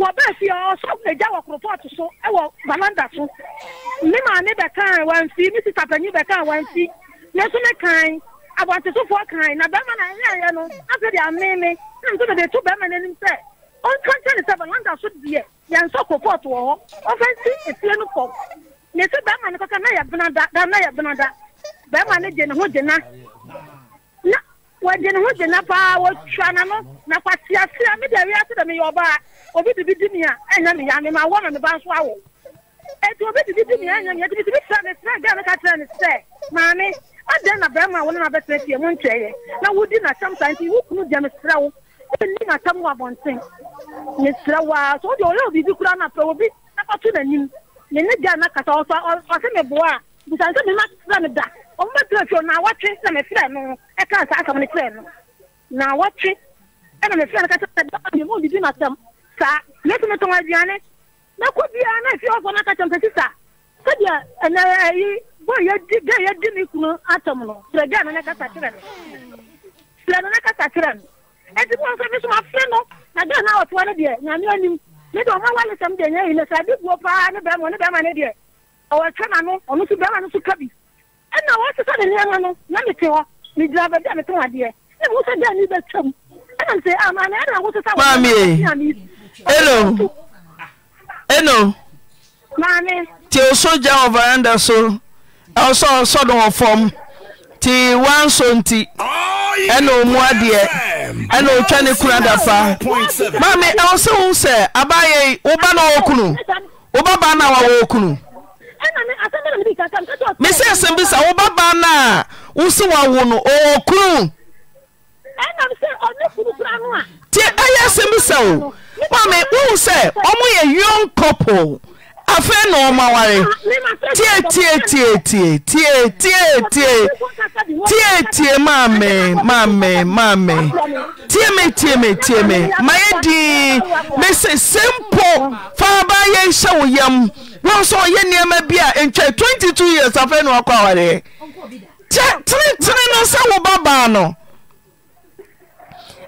wɔ bɛɛ fi ọsọ egya wọ koropɔt so ɛwɔ balanda so ne maame bɛ kan wɔn fi ne sisa panyin bɛ kan wɔn fi ne so ne kan abɔntesofoɔ kan na bɛrima na ɛyɛ ayɛ no afei de ameeme na nso de de tu bɛrima n'anim sɛ ɔnka kyɛn balanda so deɛ yɛn nsɔ koropɔt wɔ hɔ ɔfɛ nsi efie no kɔ ne si bɛrima ne kɔkɔ na yɛ bena da da na yɛ bena da bɛrima ne gye ne ho gye na na wɔgye ne ho gye na paa wɔtwa na no na kwasia sia mi de awia se de mi yɛ ɔbaa. obi bibi di mi a ɛnyɛ mi ya mi ma wɔ na mi ba nso awɔ etu obi bibi di mi a ɛnyɛ mi ya bibi kyerɛ mi kyerɛ gɛɛ mi ka kyerɛ mi sɛ maame adan na bɛrɛ mu a wɔn na bɛtɛn fie mu nkyɛn yɛ na wodi na kyɛm sa nti wukunu gya mi srɛ wo ɛni na kyɛm wɔ abɔnten mi srɛ wo a so o de ɔyɛ obi bi kura na pɛ obi akɔto n'anim ne ne gya na kasa ɔsɔ ɔsɛ mi bo a bisa nsɛ mi ma kyerɛ mi da wɔn bɛ tɛn fie na awɔtwe na mi frɛ no ɛka nsa asɛm ne frɛ no na awɔtwe ɛna mi frɛ no kasa ɛda mi mu bibi na kyɛm saa yɛtumi tɔn aduane na kɔ biara na efi ɔfɔ n'aka kyɛn pɛsi saa sɛdeɛ ɛnɛ ɛyi bɔ yɛdi gɛ yɛdi mi kunu atɔm no srɛ gɛ nana kasa kyerɛ no srɛ nana kasa kyerɛ no eti bɔ nsɛm nso ma fɛ e no e na gɛ na ɔtoa no deɛ nyame anim ne deɛ ɔmo awale sɛm deɛ nyɛ yi na sɛ adi buo paa ne bɛrima ne bɛrima ne deɛ ɔwɔ twɛ na no ɔno nso bɛrima no nso ka bi ɛna wɔsesa ne nneɛma no na me te hɔ me gyina bɛbi a me te ho adeɛ ne mo sɛ deɛ ne bɛtwam ɛna me sɛ ama na ɛna wɔsesa wɔ maame hello hello ti o so gya wɔ veranda so ɔsɔ so, e no wɔ fam ti wanso nti ɛna ɔmu adeɛ ɛna e otwa ne kura da pa maame ɛwɔ sɛ e wo sɛ abaayɛ yi woba na wɔ kunu woba baa na wawɔ kunu mesɛ asɛm bi sa woba baa na a wo se wawo no ɔwɔ kunu ti ɛyɛ asɛm bi sa o mame wohu sɛ ɔmo yɛ young couple afei na ɔma ware tietieieieietie maame maame maame tie me tie me tie me ma yɛ dii mese sempo faaba yɛnhyɛ wo yam wɔn nso ɔyɛ nneɛma bi a ntwa 22 years afei na ɔkɔ awareɛ kyɛ tenetene no sɛ wo babaa no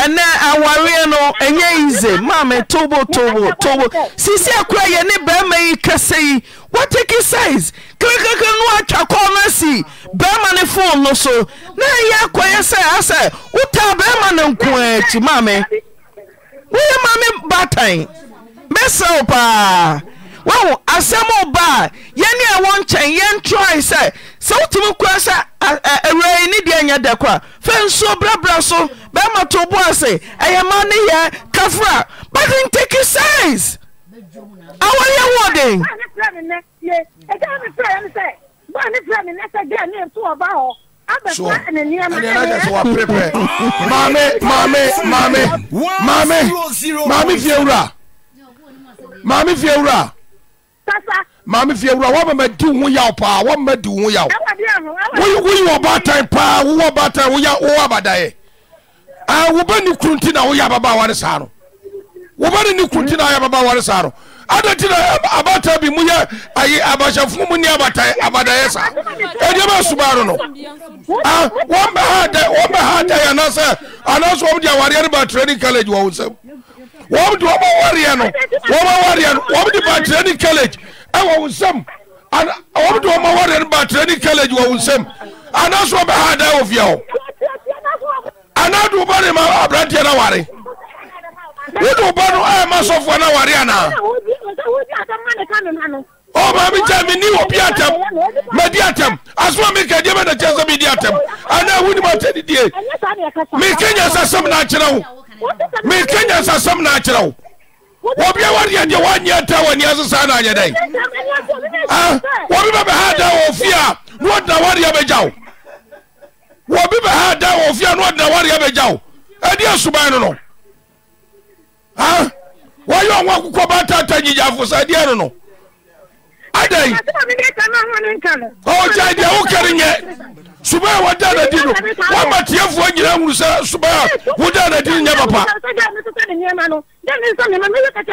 ɛnɛ awareɛ no ɛnyɛ yi se maame tobo tobo tobo sisi a kora yɛne barima yi kɛsɛ yi wateki size kelekrekre no aatwa kɔɔ no asi barima no fo no so na ɛyɛ akwaeɛ sɛ asɛ wotaa berima no nko aa ti maame woyɛ mame ba tane mɛsɛw paa wow asɛm ɔba a yɛne ɛwɔ nkyɛn yɛntoae sɛ sɛ wotumi kora sɛ awurai ne deɛ nyɛ dɛ kora fɛ nsuo brɛbrɛ so bɛrima to bo ase ɛyɛ ma ne yɛ kafra but nteki size awɔyɛ wɔ den sure and then that's what prepare maame maame maame maame maame fiewura maame fiewura. mamefiawr womaiwoo ya o woyw aa paaw ada won ontinaos s atin abata bi moyɛ abasɛfu m ne badaɛ saa ɛdmasuba ro nohda ana d aaeɛ ne ba trani collage wo sɛm batrani lgbatrani ollges ans e hai andoabraiawar wodmaso fwrm etem as ke e wna saseme mekɛnya sasɛm naakyerɛwo wobia wadeadeɛ wonyi ata waanea se saa nanyɛ dan obi bbɛhaaf n denawre bɛawobi bhaaf a ndenaworea bɛgyao ade asuba no no ah, a wayɔ wo kokɔ batata nyigyafo sɛade no no eɛwokeryɛ subaa wɔda nadi no wama tiafoɔ nyina hunu sɛ subaa woda nadi nyɛ papa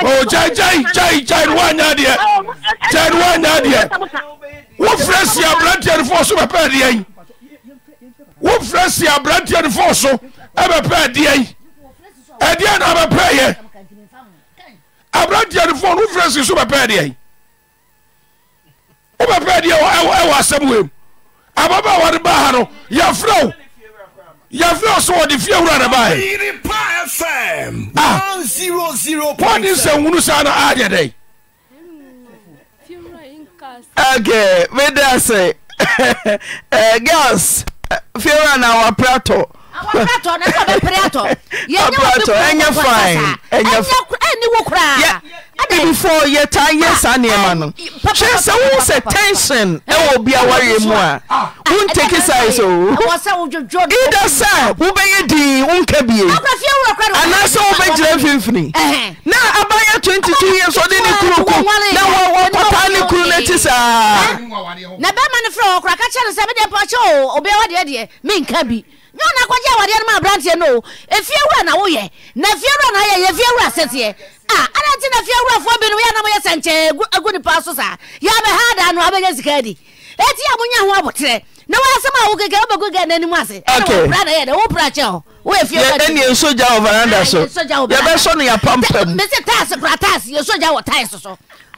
o gyae gyae gyae gyae no woanya adeɛ gyae no woanya adeɛ wofrɛ si aberanteɛ no foɔ so bɛpɛ adeɛ yi wofrɛ si aberanteɛ no foɔ so ɛbɛpɛ adeɛ yi ɛdeɛ na bɛpɛ yɛ aberanteɛ no foɔ no wofrɛ si so bɛpɛ adeɛ yi wobɛpɛ adeɛ ɛwɔ asɛm wɔ mu ababa a wade ba a no yɛfrɛw yafrɛw so wɔde fiawura naba podesɛm wunu sa no ayɛ dɛn ka medaasɛ gas fiɛwra na waprato rt ɛnyɛ fineɛyɛe before yɛtaa yɛ saa nneɛma no sɛ sɛ wo sɛ tensiɛn wɔ obiawarɛ mu a wonteke sae sɛ oida sɛ wobɛyɛ dii wo nka bie anaasɛ wobɛgyerɛ finimfini na abayɛ 22 years ɔde ne kuroku nakataa no kuro no ate saa nyɛ na akɔgye awadeɛ no ma e aberanteɛ no efie wura na woyɛ na efie wura na yɛ yɛ efie wura sɛseɛ a ana ti na efie wurafoɔ binom yɛ anam yɛ sɛnkyɛn egu egu nipa so saa yɛ abɛha da ano abɛnyɛ sika adi eti a mo nya ho abotrɛ na wɔn asɛm a wokeke wobɛko kɛ n'anim ase ɛna wɔpra na yɛ dɛ wopra kyɛ hɔ woyɛ fie wura de yɛ nsogya wɔ veranda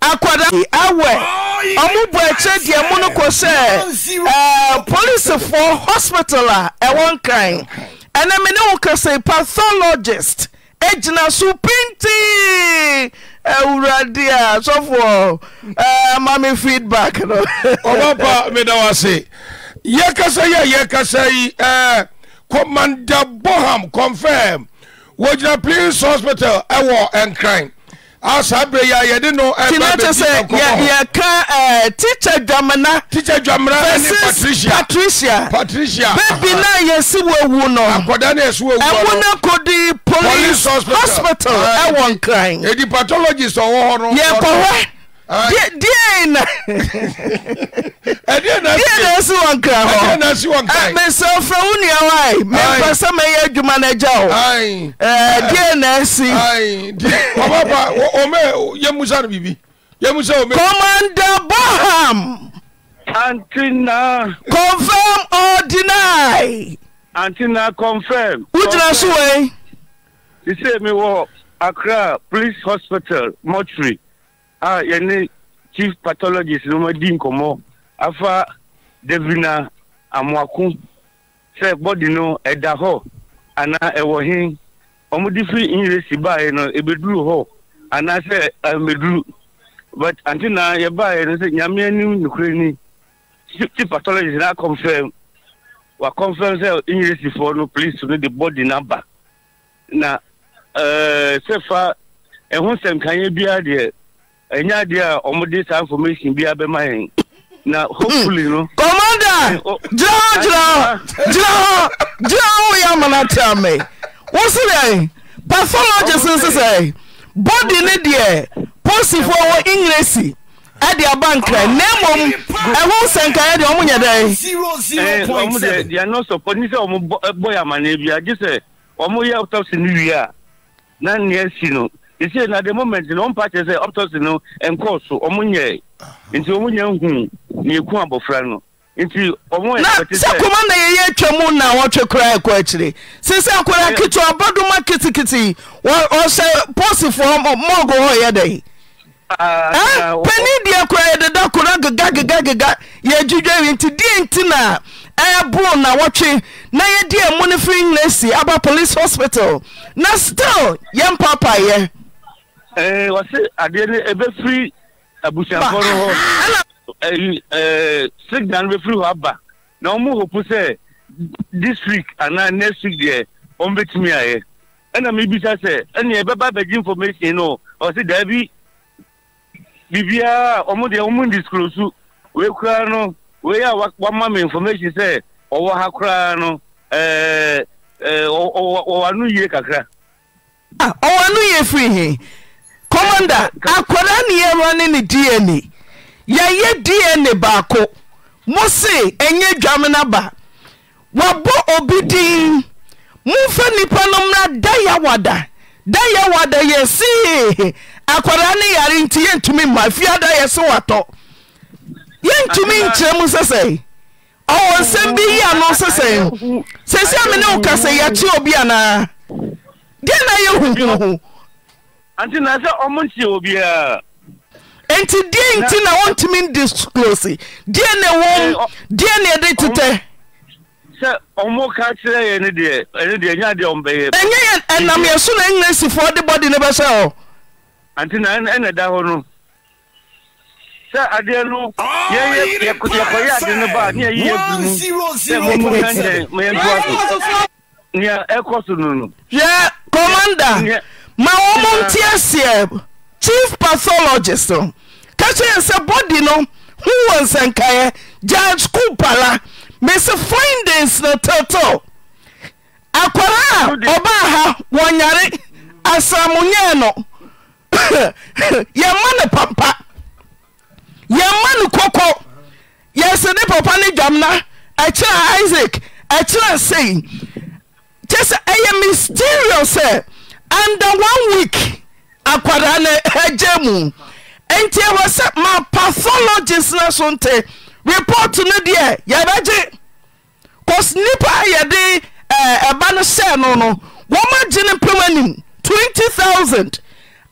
kdawɛ ɔmobɔ akyerɛ deɛmo no kɔ sɛ eh, polisefoɔ hospital a ɛwɔ nkran ɛna mene wo kɛsɛi pathologist agyina so pinte awurade a sɛfoɔ eh, ma me feedback nopme yɛkasa yi ayɛkasa yi komandabo eh, ham confirm wgyina please hospital wɔnkran asa abere yi a yɛde no ɛba bɛdi nkɔmɔ hɔ yɛka ɛɛ teacher dwamana teacher dwamana ɛne patricia patricia patricia baby na yɛsi wewu no akwadaa na yɛsi wewu no ɛmu na kodi police hospital ɛwɔ nkran edi pathologist ɔwɔ hɔ no yɛkɔ hɔ. ne n' asi wɔnkra hɔ ah, mesɛ ɔfrɛ wo nua wae mempɛ sɛ mayɛ adwuma nogya wodeɛ naasicommanda boham antina confirm or denay wo gyina so wɔi a ah, yɛne chief pathologist no ma di nkɔmmɔ afa davina amoako sɛ bɔdi no ɛda hɔ anaa ɛwɔ he ɔmode firi university baeɛ no ɛbɛduru hɔ anaasɛ ɛmɛduru but ante na yɛbaeɛ no sɛ nyame anim nokorɛ ni chief pathologist na wa wakɔmfɛm sɛ universityfoɔ no police eh, no de bɔdi no aba na ɛɛ sɛ fa ɛho sɛnkanyɛ biara deɛ ɛnya deɛa ɔmode saa infomation biaa bɛma yɛn na hmm. hopfuly no kɔmanda gyerɛ gyerɛw yerɛw yerɛw woyɛ amana tra me wo se dɛn pathonogyese nse sɛ body ne deɛ posifoɔ wɔ wina si ɛde aba nkran na mmom ɛho sɛnkaeɛ deɛ ɔmonyɛdɛɛnspɔni eh, sɛ ɔmobɔ yɛ amanneɛ bia gye sɛ ɔmoyɛ tɔse no wie a na nnea si no esi na the moment na ɔmpa kyerɛ sɛ ɔptɔsi no nkɔɔ so ɔmo nyɛ nti ɔmo nyɛ nhu na eku abɔfra no nti ɔmo ɛkɔte sɛ. na sɛ kɔmɔ na yɛyɛ atwa mu na wɔtwe kura ɛkɔ akyire sisi akɔla kiti ɔbɔdoma kitikiti ɔhyɛ pɔsifoɔ mɔɔgo hɔ yɛ dɛ. panyin deɛ kura yɛ deda kura gega gega gega yɛ adwidwa yi nti deɛ nti na ɛɛbo na wɔtwe na yɛ deɛ mu ne fi aba police hospital na still yɛn papaayɛ. ee eh, wasi adeɛ no ebefiri abusuafo no hɔ ɛyi eh, ɛɛ eh, signal no befiri hɔ aba na wɔn hopu sɛ this week anaa next week deɛ wɔn betumi ayɛ ɛna mi bisa sɛ ɛna ɛbɛba abɛgye information no wɔsi daabi biribiara wɔn deɛ wɔn ndisikurusu wei koraa no wei a wɔama mi information sɛ ɔwɔ ha koraa no ɛɛ ɛɛ ɔwɔ ɔwɔ anu yie kakra. Ah, ɔwɔ anu yie firi hɛ. kɔmmanda akwadaa nneɛwura ne na dna ya ye dna baako mose enye dwam n'aba no obi din momfa nnipa no mmra da wada da yɛawada yɛ see akwadaa na yari nti ma yɛntumi mma ya yɛ se watɔ yɛntumi nkyerɛ mu sɛ sɛe ɔwɔ nsɛm bi yi ano sɛ sɛe sɛsi a me ne woka sɛ obi anaa deɛ na yɛhuhuhu nti na sɛ ɔmo nti obiara. nti deɛ nti na wɔntumi disclose deɛ na wɔm deɛ na yɛde tetɛ. sɛ ɔmo ka kyerɛ yɛ ne deɛ ɛne deɛ nya deɛ ɔmo bɛyɛ. ɛnyɛ yɛ ɛnam yɛ so na englesifoɔ de bɔdi ne bɛsɛ o. nti na ɛna da hɔ no sɛ adeɛ no yɛyɛ ah, yɛkɔyɛ ade no ba ne yɛyɛ egu mu sɛ mo mo ka nkyɛn mo yɛ ntoa so nea ɛkɔ so no no. yɛ kɔmanda. ma wɔmɔnteaseɛ chief pathologist no ka kyɛ yɛ sɛ body no huu ɔ nsɛnkaeɛ jadge copa la mɛse findas no toto akwarɛ a ɔbaa ha wɔanyare asramonyɛ no yɛmma ne papa yɛmma ne koko yɛsede papa ne dwamena ɛkyerɛ isaak ɛkyerɛ sei kyɛr sɛ ɛyɛ mysterio sɛ and the one week akwadaa na ɛgye mu nti ɛwɔ sɛ ma pathologist na so nte report no deɛ yɛbɛgye cause nipa a yɛde eh, ɛba no hyɛ no no wɔn agye ne mpem anim twenty thousand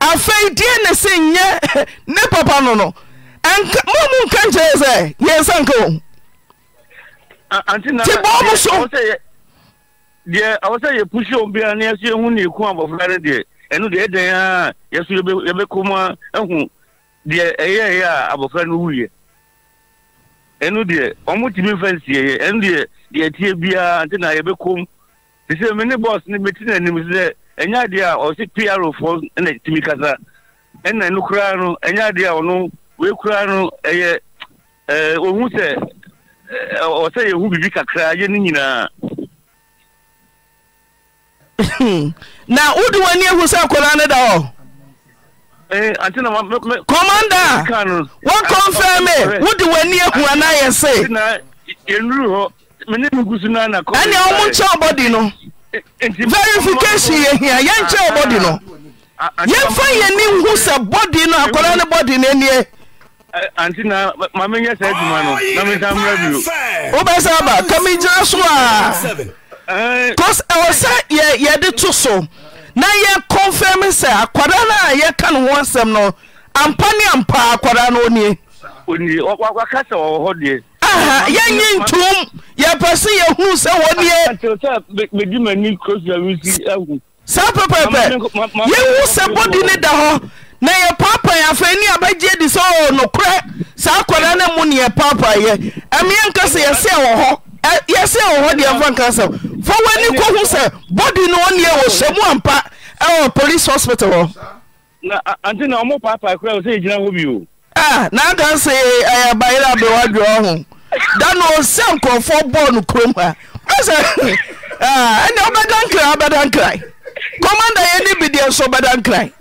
afei deɛ na sɛ nyɛ ne papa no no nka mo mu nka nkyerɛ sɛ yɛn nsa nka o. ti bɔɔlu eh, so. deɛ awɔ sɛ yɛpusi wɔn bi a ne yɛsɛ ehu ne eku abɔfra no deɛ ɛnu deɛ ɛdɛn a yɛsɛ yɛbɛ yɛbɛ kɔn mu a ɛhu deɛ ɛyɛ ɛyɛ a abɔfra no wuyɛ ɛnu deɛ wɔn ti mi fɛn si yɛ ɛnu deɛ deɛ tie bia nti na yɛbɛ kɔn mu sise mi ne bɔs ne mi ti na anim sɛ ɛnya deɛ a ɔsi pr fo ɛna ti mi kasa ɛna ɛnu kura no ɛnya deɛ a ɔno wei kura no ɛyɛ ɛɛ ohun sɛ ɛɛ ɔsɛ yɛhu bibi kakra yɛ ne nyinaa. na wode w'ani ahu sɛ akɔdaa ne da hɔ kɔmmanda wɔkɔmfɛ wode w'ani ahu anaa yɛ se ɛnea wɔmo nkyɛ ɔbɔdi no eh, verification yɛhia yɛnkyɛ ɔbɔdi no yɛmfa yɛni nhu sɛ bɔdi no akɔdaa ne bɔdi no Eh. bcause ɛwɔ sɛ yɛde to so na ya sɛ akwadaa na a ka ne ho asɛm no ampa ne onye. akwada oh, no ɔnie yɛnyi ntom yɛpɛ sɛ yɛhuu sɛ ya. saa pɛpɛpɛ yɛhu sɛ bɔdi ne da hɔ na ya afei ne abɛgye di sɛ ɔɔ saa akwadaa na mu ne yɛ paapaeyɛ ɛmeɛ nka sɛ wɔ hɔ yɛsɛ wɔ hɔ deɛ mfa nka sɛm fa w'ani kɔhu sɛ body no ɔneɛ wɔ hyɛ mu ampa ɛwɔ police hospital hɔ nti na ɔmo paapaa kora sɛ yɛgyina hɔ bio n'aka sɛ ɛyɛbayerɛ abɛwa adwerɛ ho da na ɔsɛ nkurɔfoɔ bɔɔ no kurom ha ɛsɛ ɛnɛ ɔbɛda nkran ɔbɛda nkran kɔmanda yɛ ne bi deɛ nso ɔbɛda nkran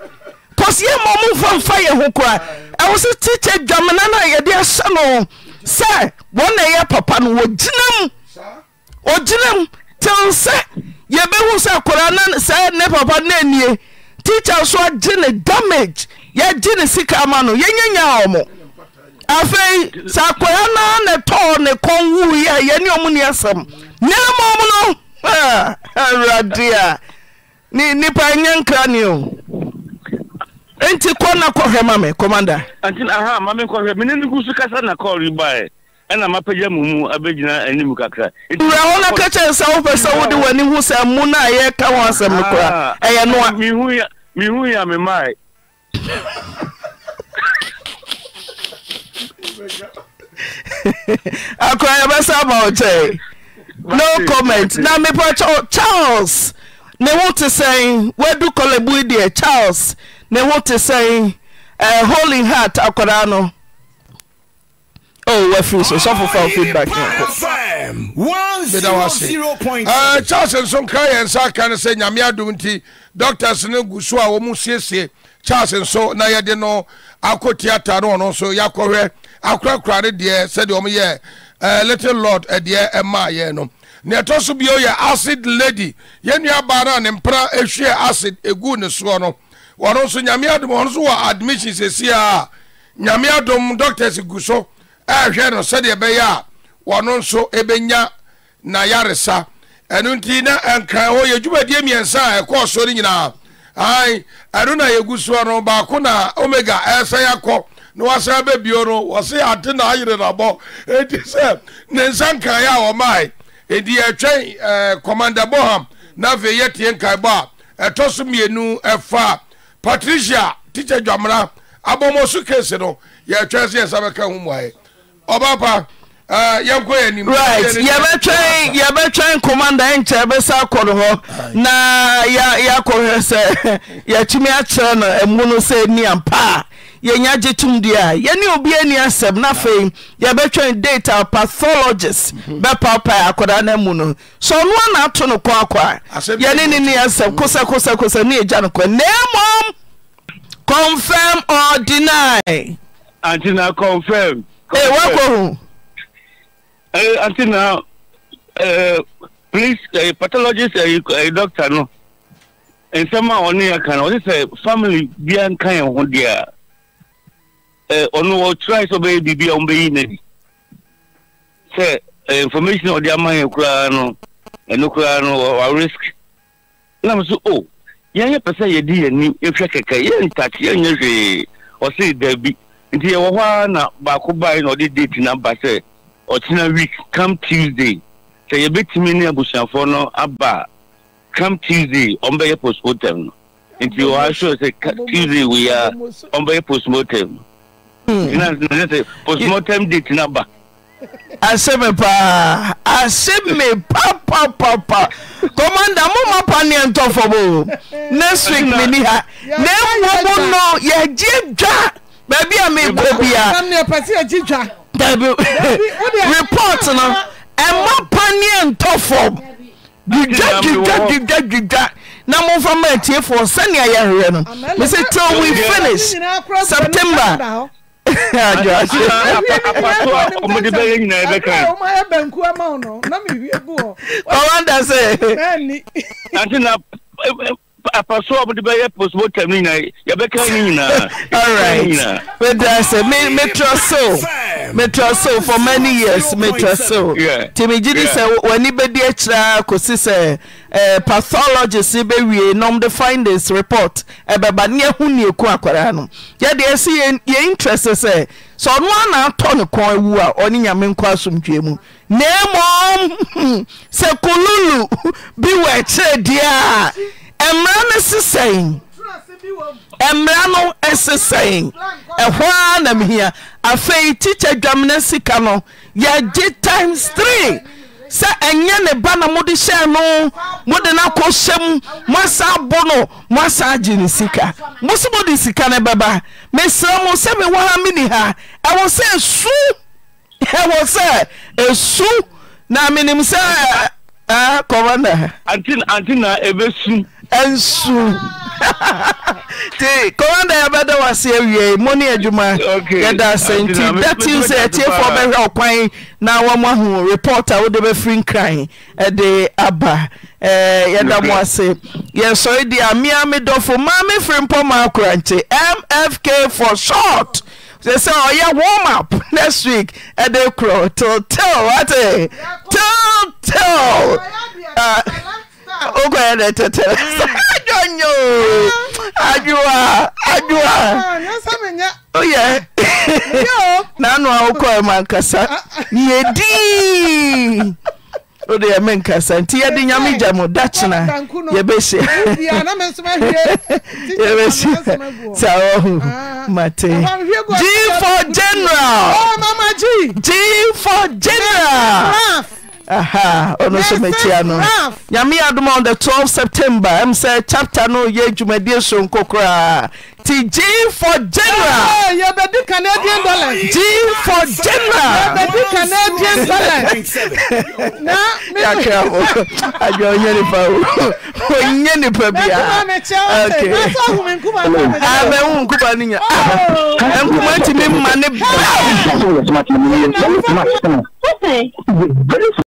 kɔsi yɛ ma ɔmo mfa mfa yɛ ho kora ɛwɔ sɛ tikyɛ dwamena no a yɛde ahyɛ no sɛ wɔn na ɛyɛ papa no wɔgyina mu ogyinam tew sɛ yɛbɛhu sɛ akora na sɛ ne papa na anie tikha so agye ne damage yɛgye ne sika ma no yɛnyanyaa ɔ mo afei sɛ akora naa ne tɔɔ ne kɔn wui a yɛne ɔmo ne asɛm neamam no awurade a ne nipa nyɛ nkra ne o enti kɔ na kɔhwɛ ma me wura hɔno ka kyɛe sɛ wofɛ sɛ wode w'ane hu sɛ amu no a yɛreka hɔ asɛmkora ah, ɛyɛ no aa akrayɛbɛsa ma wɔkyɛe no comment na mepɔkyɛ charles ne ho te sɛn wadu kɔlɛbui deɛ charles ne ho te sɛn eh, holing heart akwaraa no oh wafiri so sɔfo for feedback nkɔ. Eh, charles nso nkra yɛn nsa aka no sɛ nyame adom nti doctors no gu so a wɔn siesie charles and na yɛde no akɔ theatre no so nso yɛakɔhwɛ akorakora no said sɛdeɛ wɔn uh, little lord ɛdeɛ eh, ɛmaa yɛn no nea ɛtɔ so bio yɛ acid lady yɛn nua baa no a ne mpra ehwie acid egu ne soɔ no wɔn nso nyame adom wɔn nso wɔ admission sɛsi a nyame adom doctors gu so. ɛhwɛ no sɛdeɛ ɛbɛyɛ a wɔno nso ɛbɛnya nayaresa ɛno nti na nkran hɔ yɛ dwumadie mmiɛnsa a ɛkɔɔ so no nyinaa ai ɛno na yɛgu soɔ no baako na omega ɛsɛ akɔ na wasan bɛbio no wɔse ate na ayere nabɔ ɛnti sɛ ne nsa nkaeɛ a wɔmae ɛnti yɛtwɛn ɛɛ kɔmanda boham na afei yɛtie nkaebɔ a ɛtɔ so mmienu ɛfa patricia tikya dwamena abɔmmɔ so kese no yɛtwɛn sɛ yɛsa bɛka ho mmuaeɛ ɔbapa yɛbɛtwɛn commanda ɛnkyɛ bɛsɛ akɔ no hɔ na yɛakɔhwɛ sɛ yɛatumi akyerɛ no amu no sɛ nniampaa yɛnya gye tom deɛ a yɛne obia ani asɛm na afei yɛbɛtwɛn data pathologist bɛpawpae akɔdaa no amu no sɛ ɔno ana ato no kɔ akɔ a yɛne ne nni asɛm kosɛkosɛkosɛ ne yɛgya no kɔ na mmom confirm or deny antina confirm Hey, welcome. Uh, eh, until now, uh, eh, please, uh, pathologist, uh, uh, doctor, no. And someone on here can, or say family, be unkind on there. Uh, on what tries to be be on be in Say, information on their mind, no, and no, no, or risk. And I'm so, oh, yeah, yeah, per se, you did, and if you can't, you can't, you can't, you can't, you can't, you can't, you can't, you can't, nti yɛwɔ hɔ ara na baako bae na ɔde date n'aba sɛ ɔtena week come tuesday sɛ yɛbɛtumi ne abusuafoɔ no aba come tuesday ɔmbɛyɛ postmortem no nti wɔ asure sɛ tuesday wei a ɔmbɛyɛ postmortem ntinasɛ hmm. sɛ postmortem date n'aba asɛm paa asɛm papapapa kɔmanda moma pa neɛ ntɔfɔ bo next week meni ha na mmom no yɛgye dwa baabi a mebɔ bia dabi report no ɛma paneɛ ntɔ fam dwidwa dwidwa dwidwa dwidwa na momfa ma atiefoɔ sɛnea yɛhwɛ no mesɛ till we finish september ɔwanda sɛ apaso a wɔde bɛyɛ postmortem no nyinaa yɛbɛka ne nyinaa alright meda sɛ metrɔ so metrɔ so for many years metrɔ so nti megye di sɛ w'ani bɛdi akyirɛ kɔsi sɛ eh, pathologist bɛwie nom the findings report ɛbɛba ne ahu ne ɛku akwaraa no yɛde ɛsɛ yɛ interest sɛ sɛ ɔno ana atɔ ne kɔn awu a ɔne nyame nkɔ asomdwe mu na mmom sɛ kululu bi wɔ akyerɛ deɛ a maossɛi mara no sisɛin ɛhɔ a na mehia afei tikyɛ adwamenɛ sika no yɛgye times tre sɛ ɛnyɛ ne ba na mode hyɛɛ no mode nokɔhyɛm moasa noosage ne kamo so mode ska no bɛba mesrɛ mu sɛ mewɔa menniha ɛwɔ sɛ ɛsu ɛwɔ sɛ ɛsu na menim sɛ nsu ti kọ́mọ́dà yà bẹ́ dẹ́ wá sí ewie mo ní ẹ̀dwuma yẹ̀dá sẹ́ńtì dẹ́tí sẹ́ ẹ̀tíẹ̀fọ́ bẹ́hẹ́ ọ̀kwan na wọ́n mu ahun rìpọ́tà ó de bẹ́ firi nkran ẹ̀dẹ̀ aba ẹ̀ yẹ̀dá mu ase yẹ̀ sọ̀rọ̀ di àmì àmì dọ̀fo maame firi mpọ́ maa kura nkyẹn mfk for short they say oh yeah warm up next week and they crow till till what till till uh, wok ɛ dɛtɛtaɛyɛ aaaayɛ na anoa wo kɔɛma nkasa ah, ah. yɛdii wodeɛ mɛ nkasa nti yɛde nyame gya m da kyena yɛbyia sawh mategeneal aha ɔno nsɛ m'atia no nyameyɛ adom a o he 2 september m sɛ chapte no yɛ adwumadiɛ son kɔkoraa ti gf y inyɛ nipa biabɛu nkuba no nyna nkuma ntimi ma ne ah, ba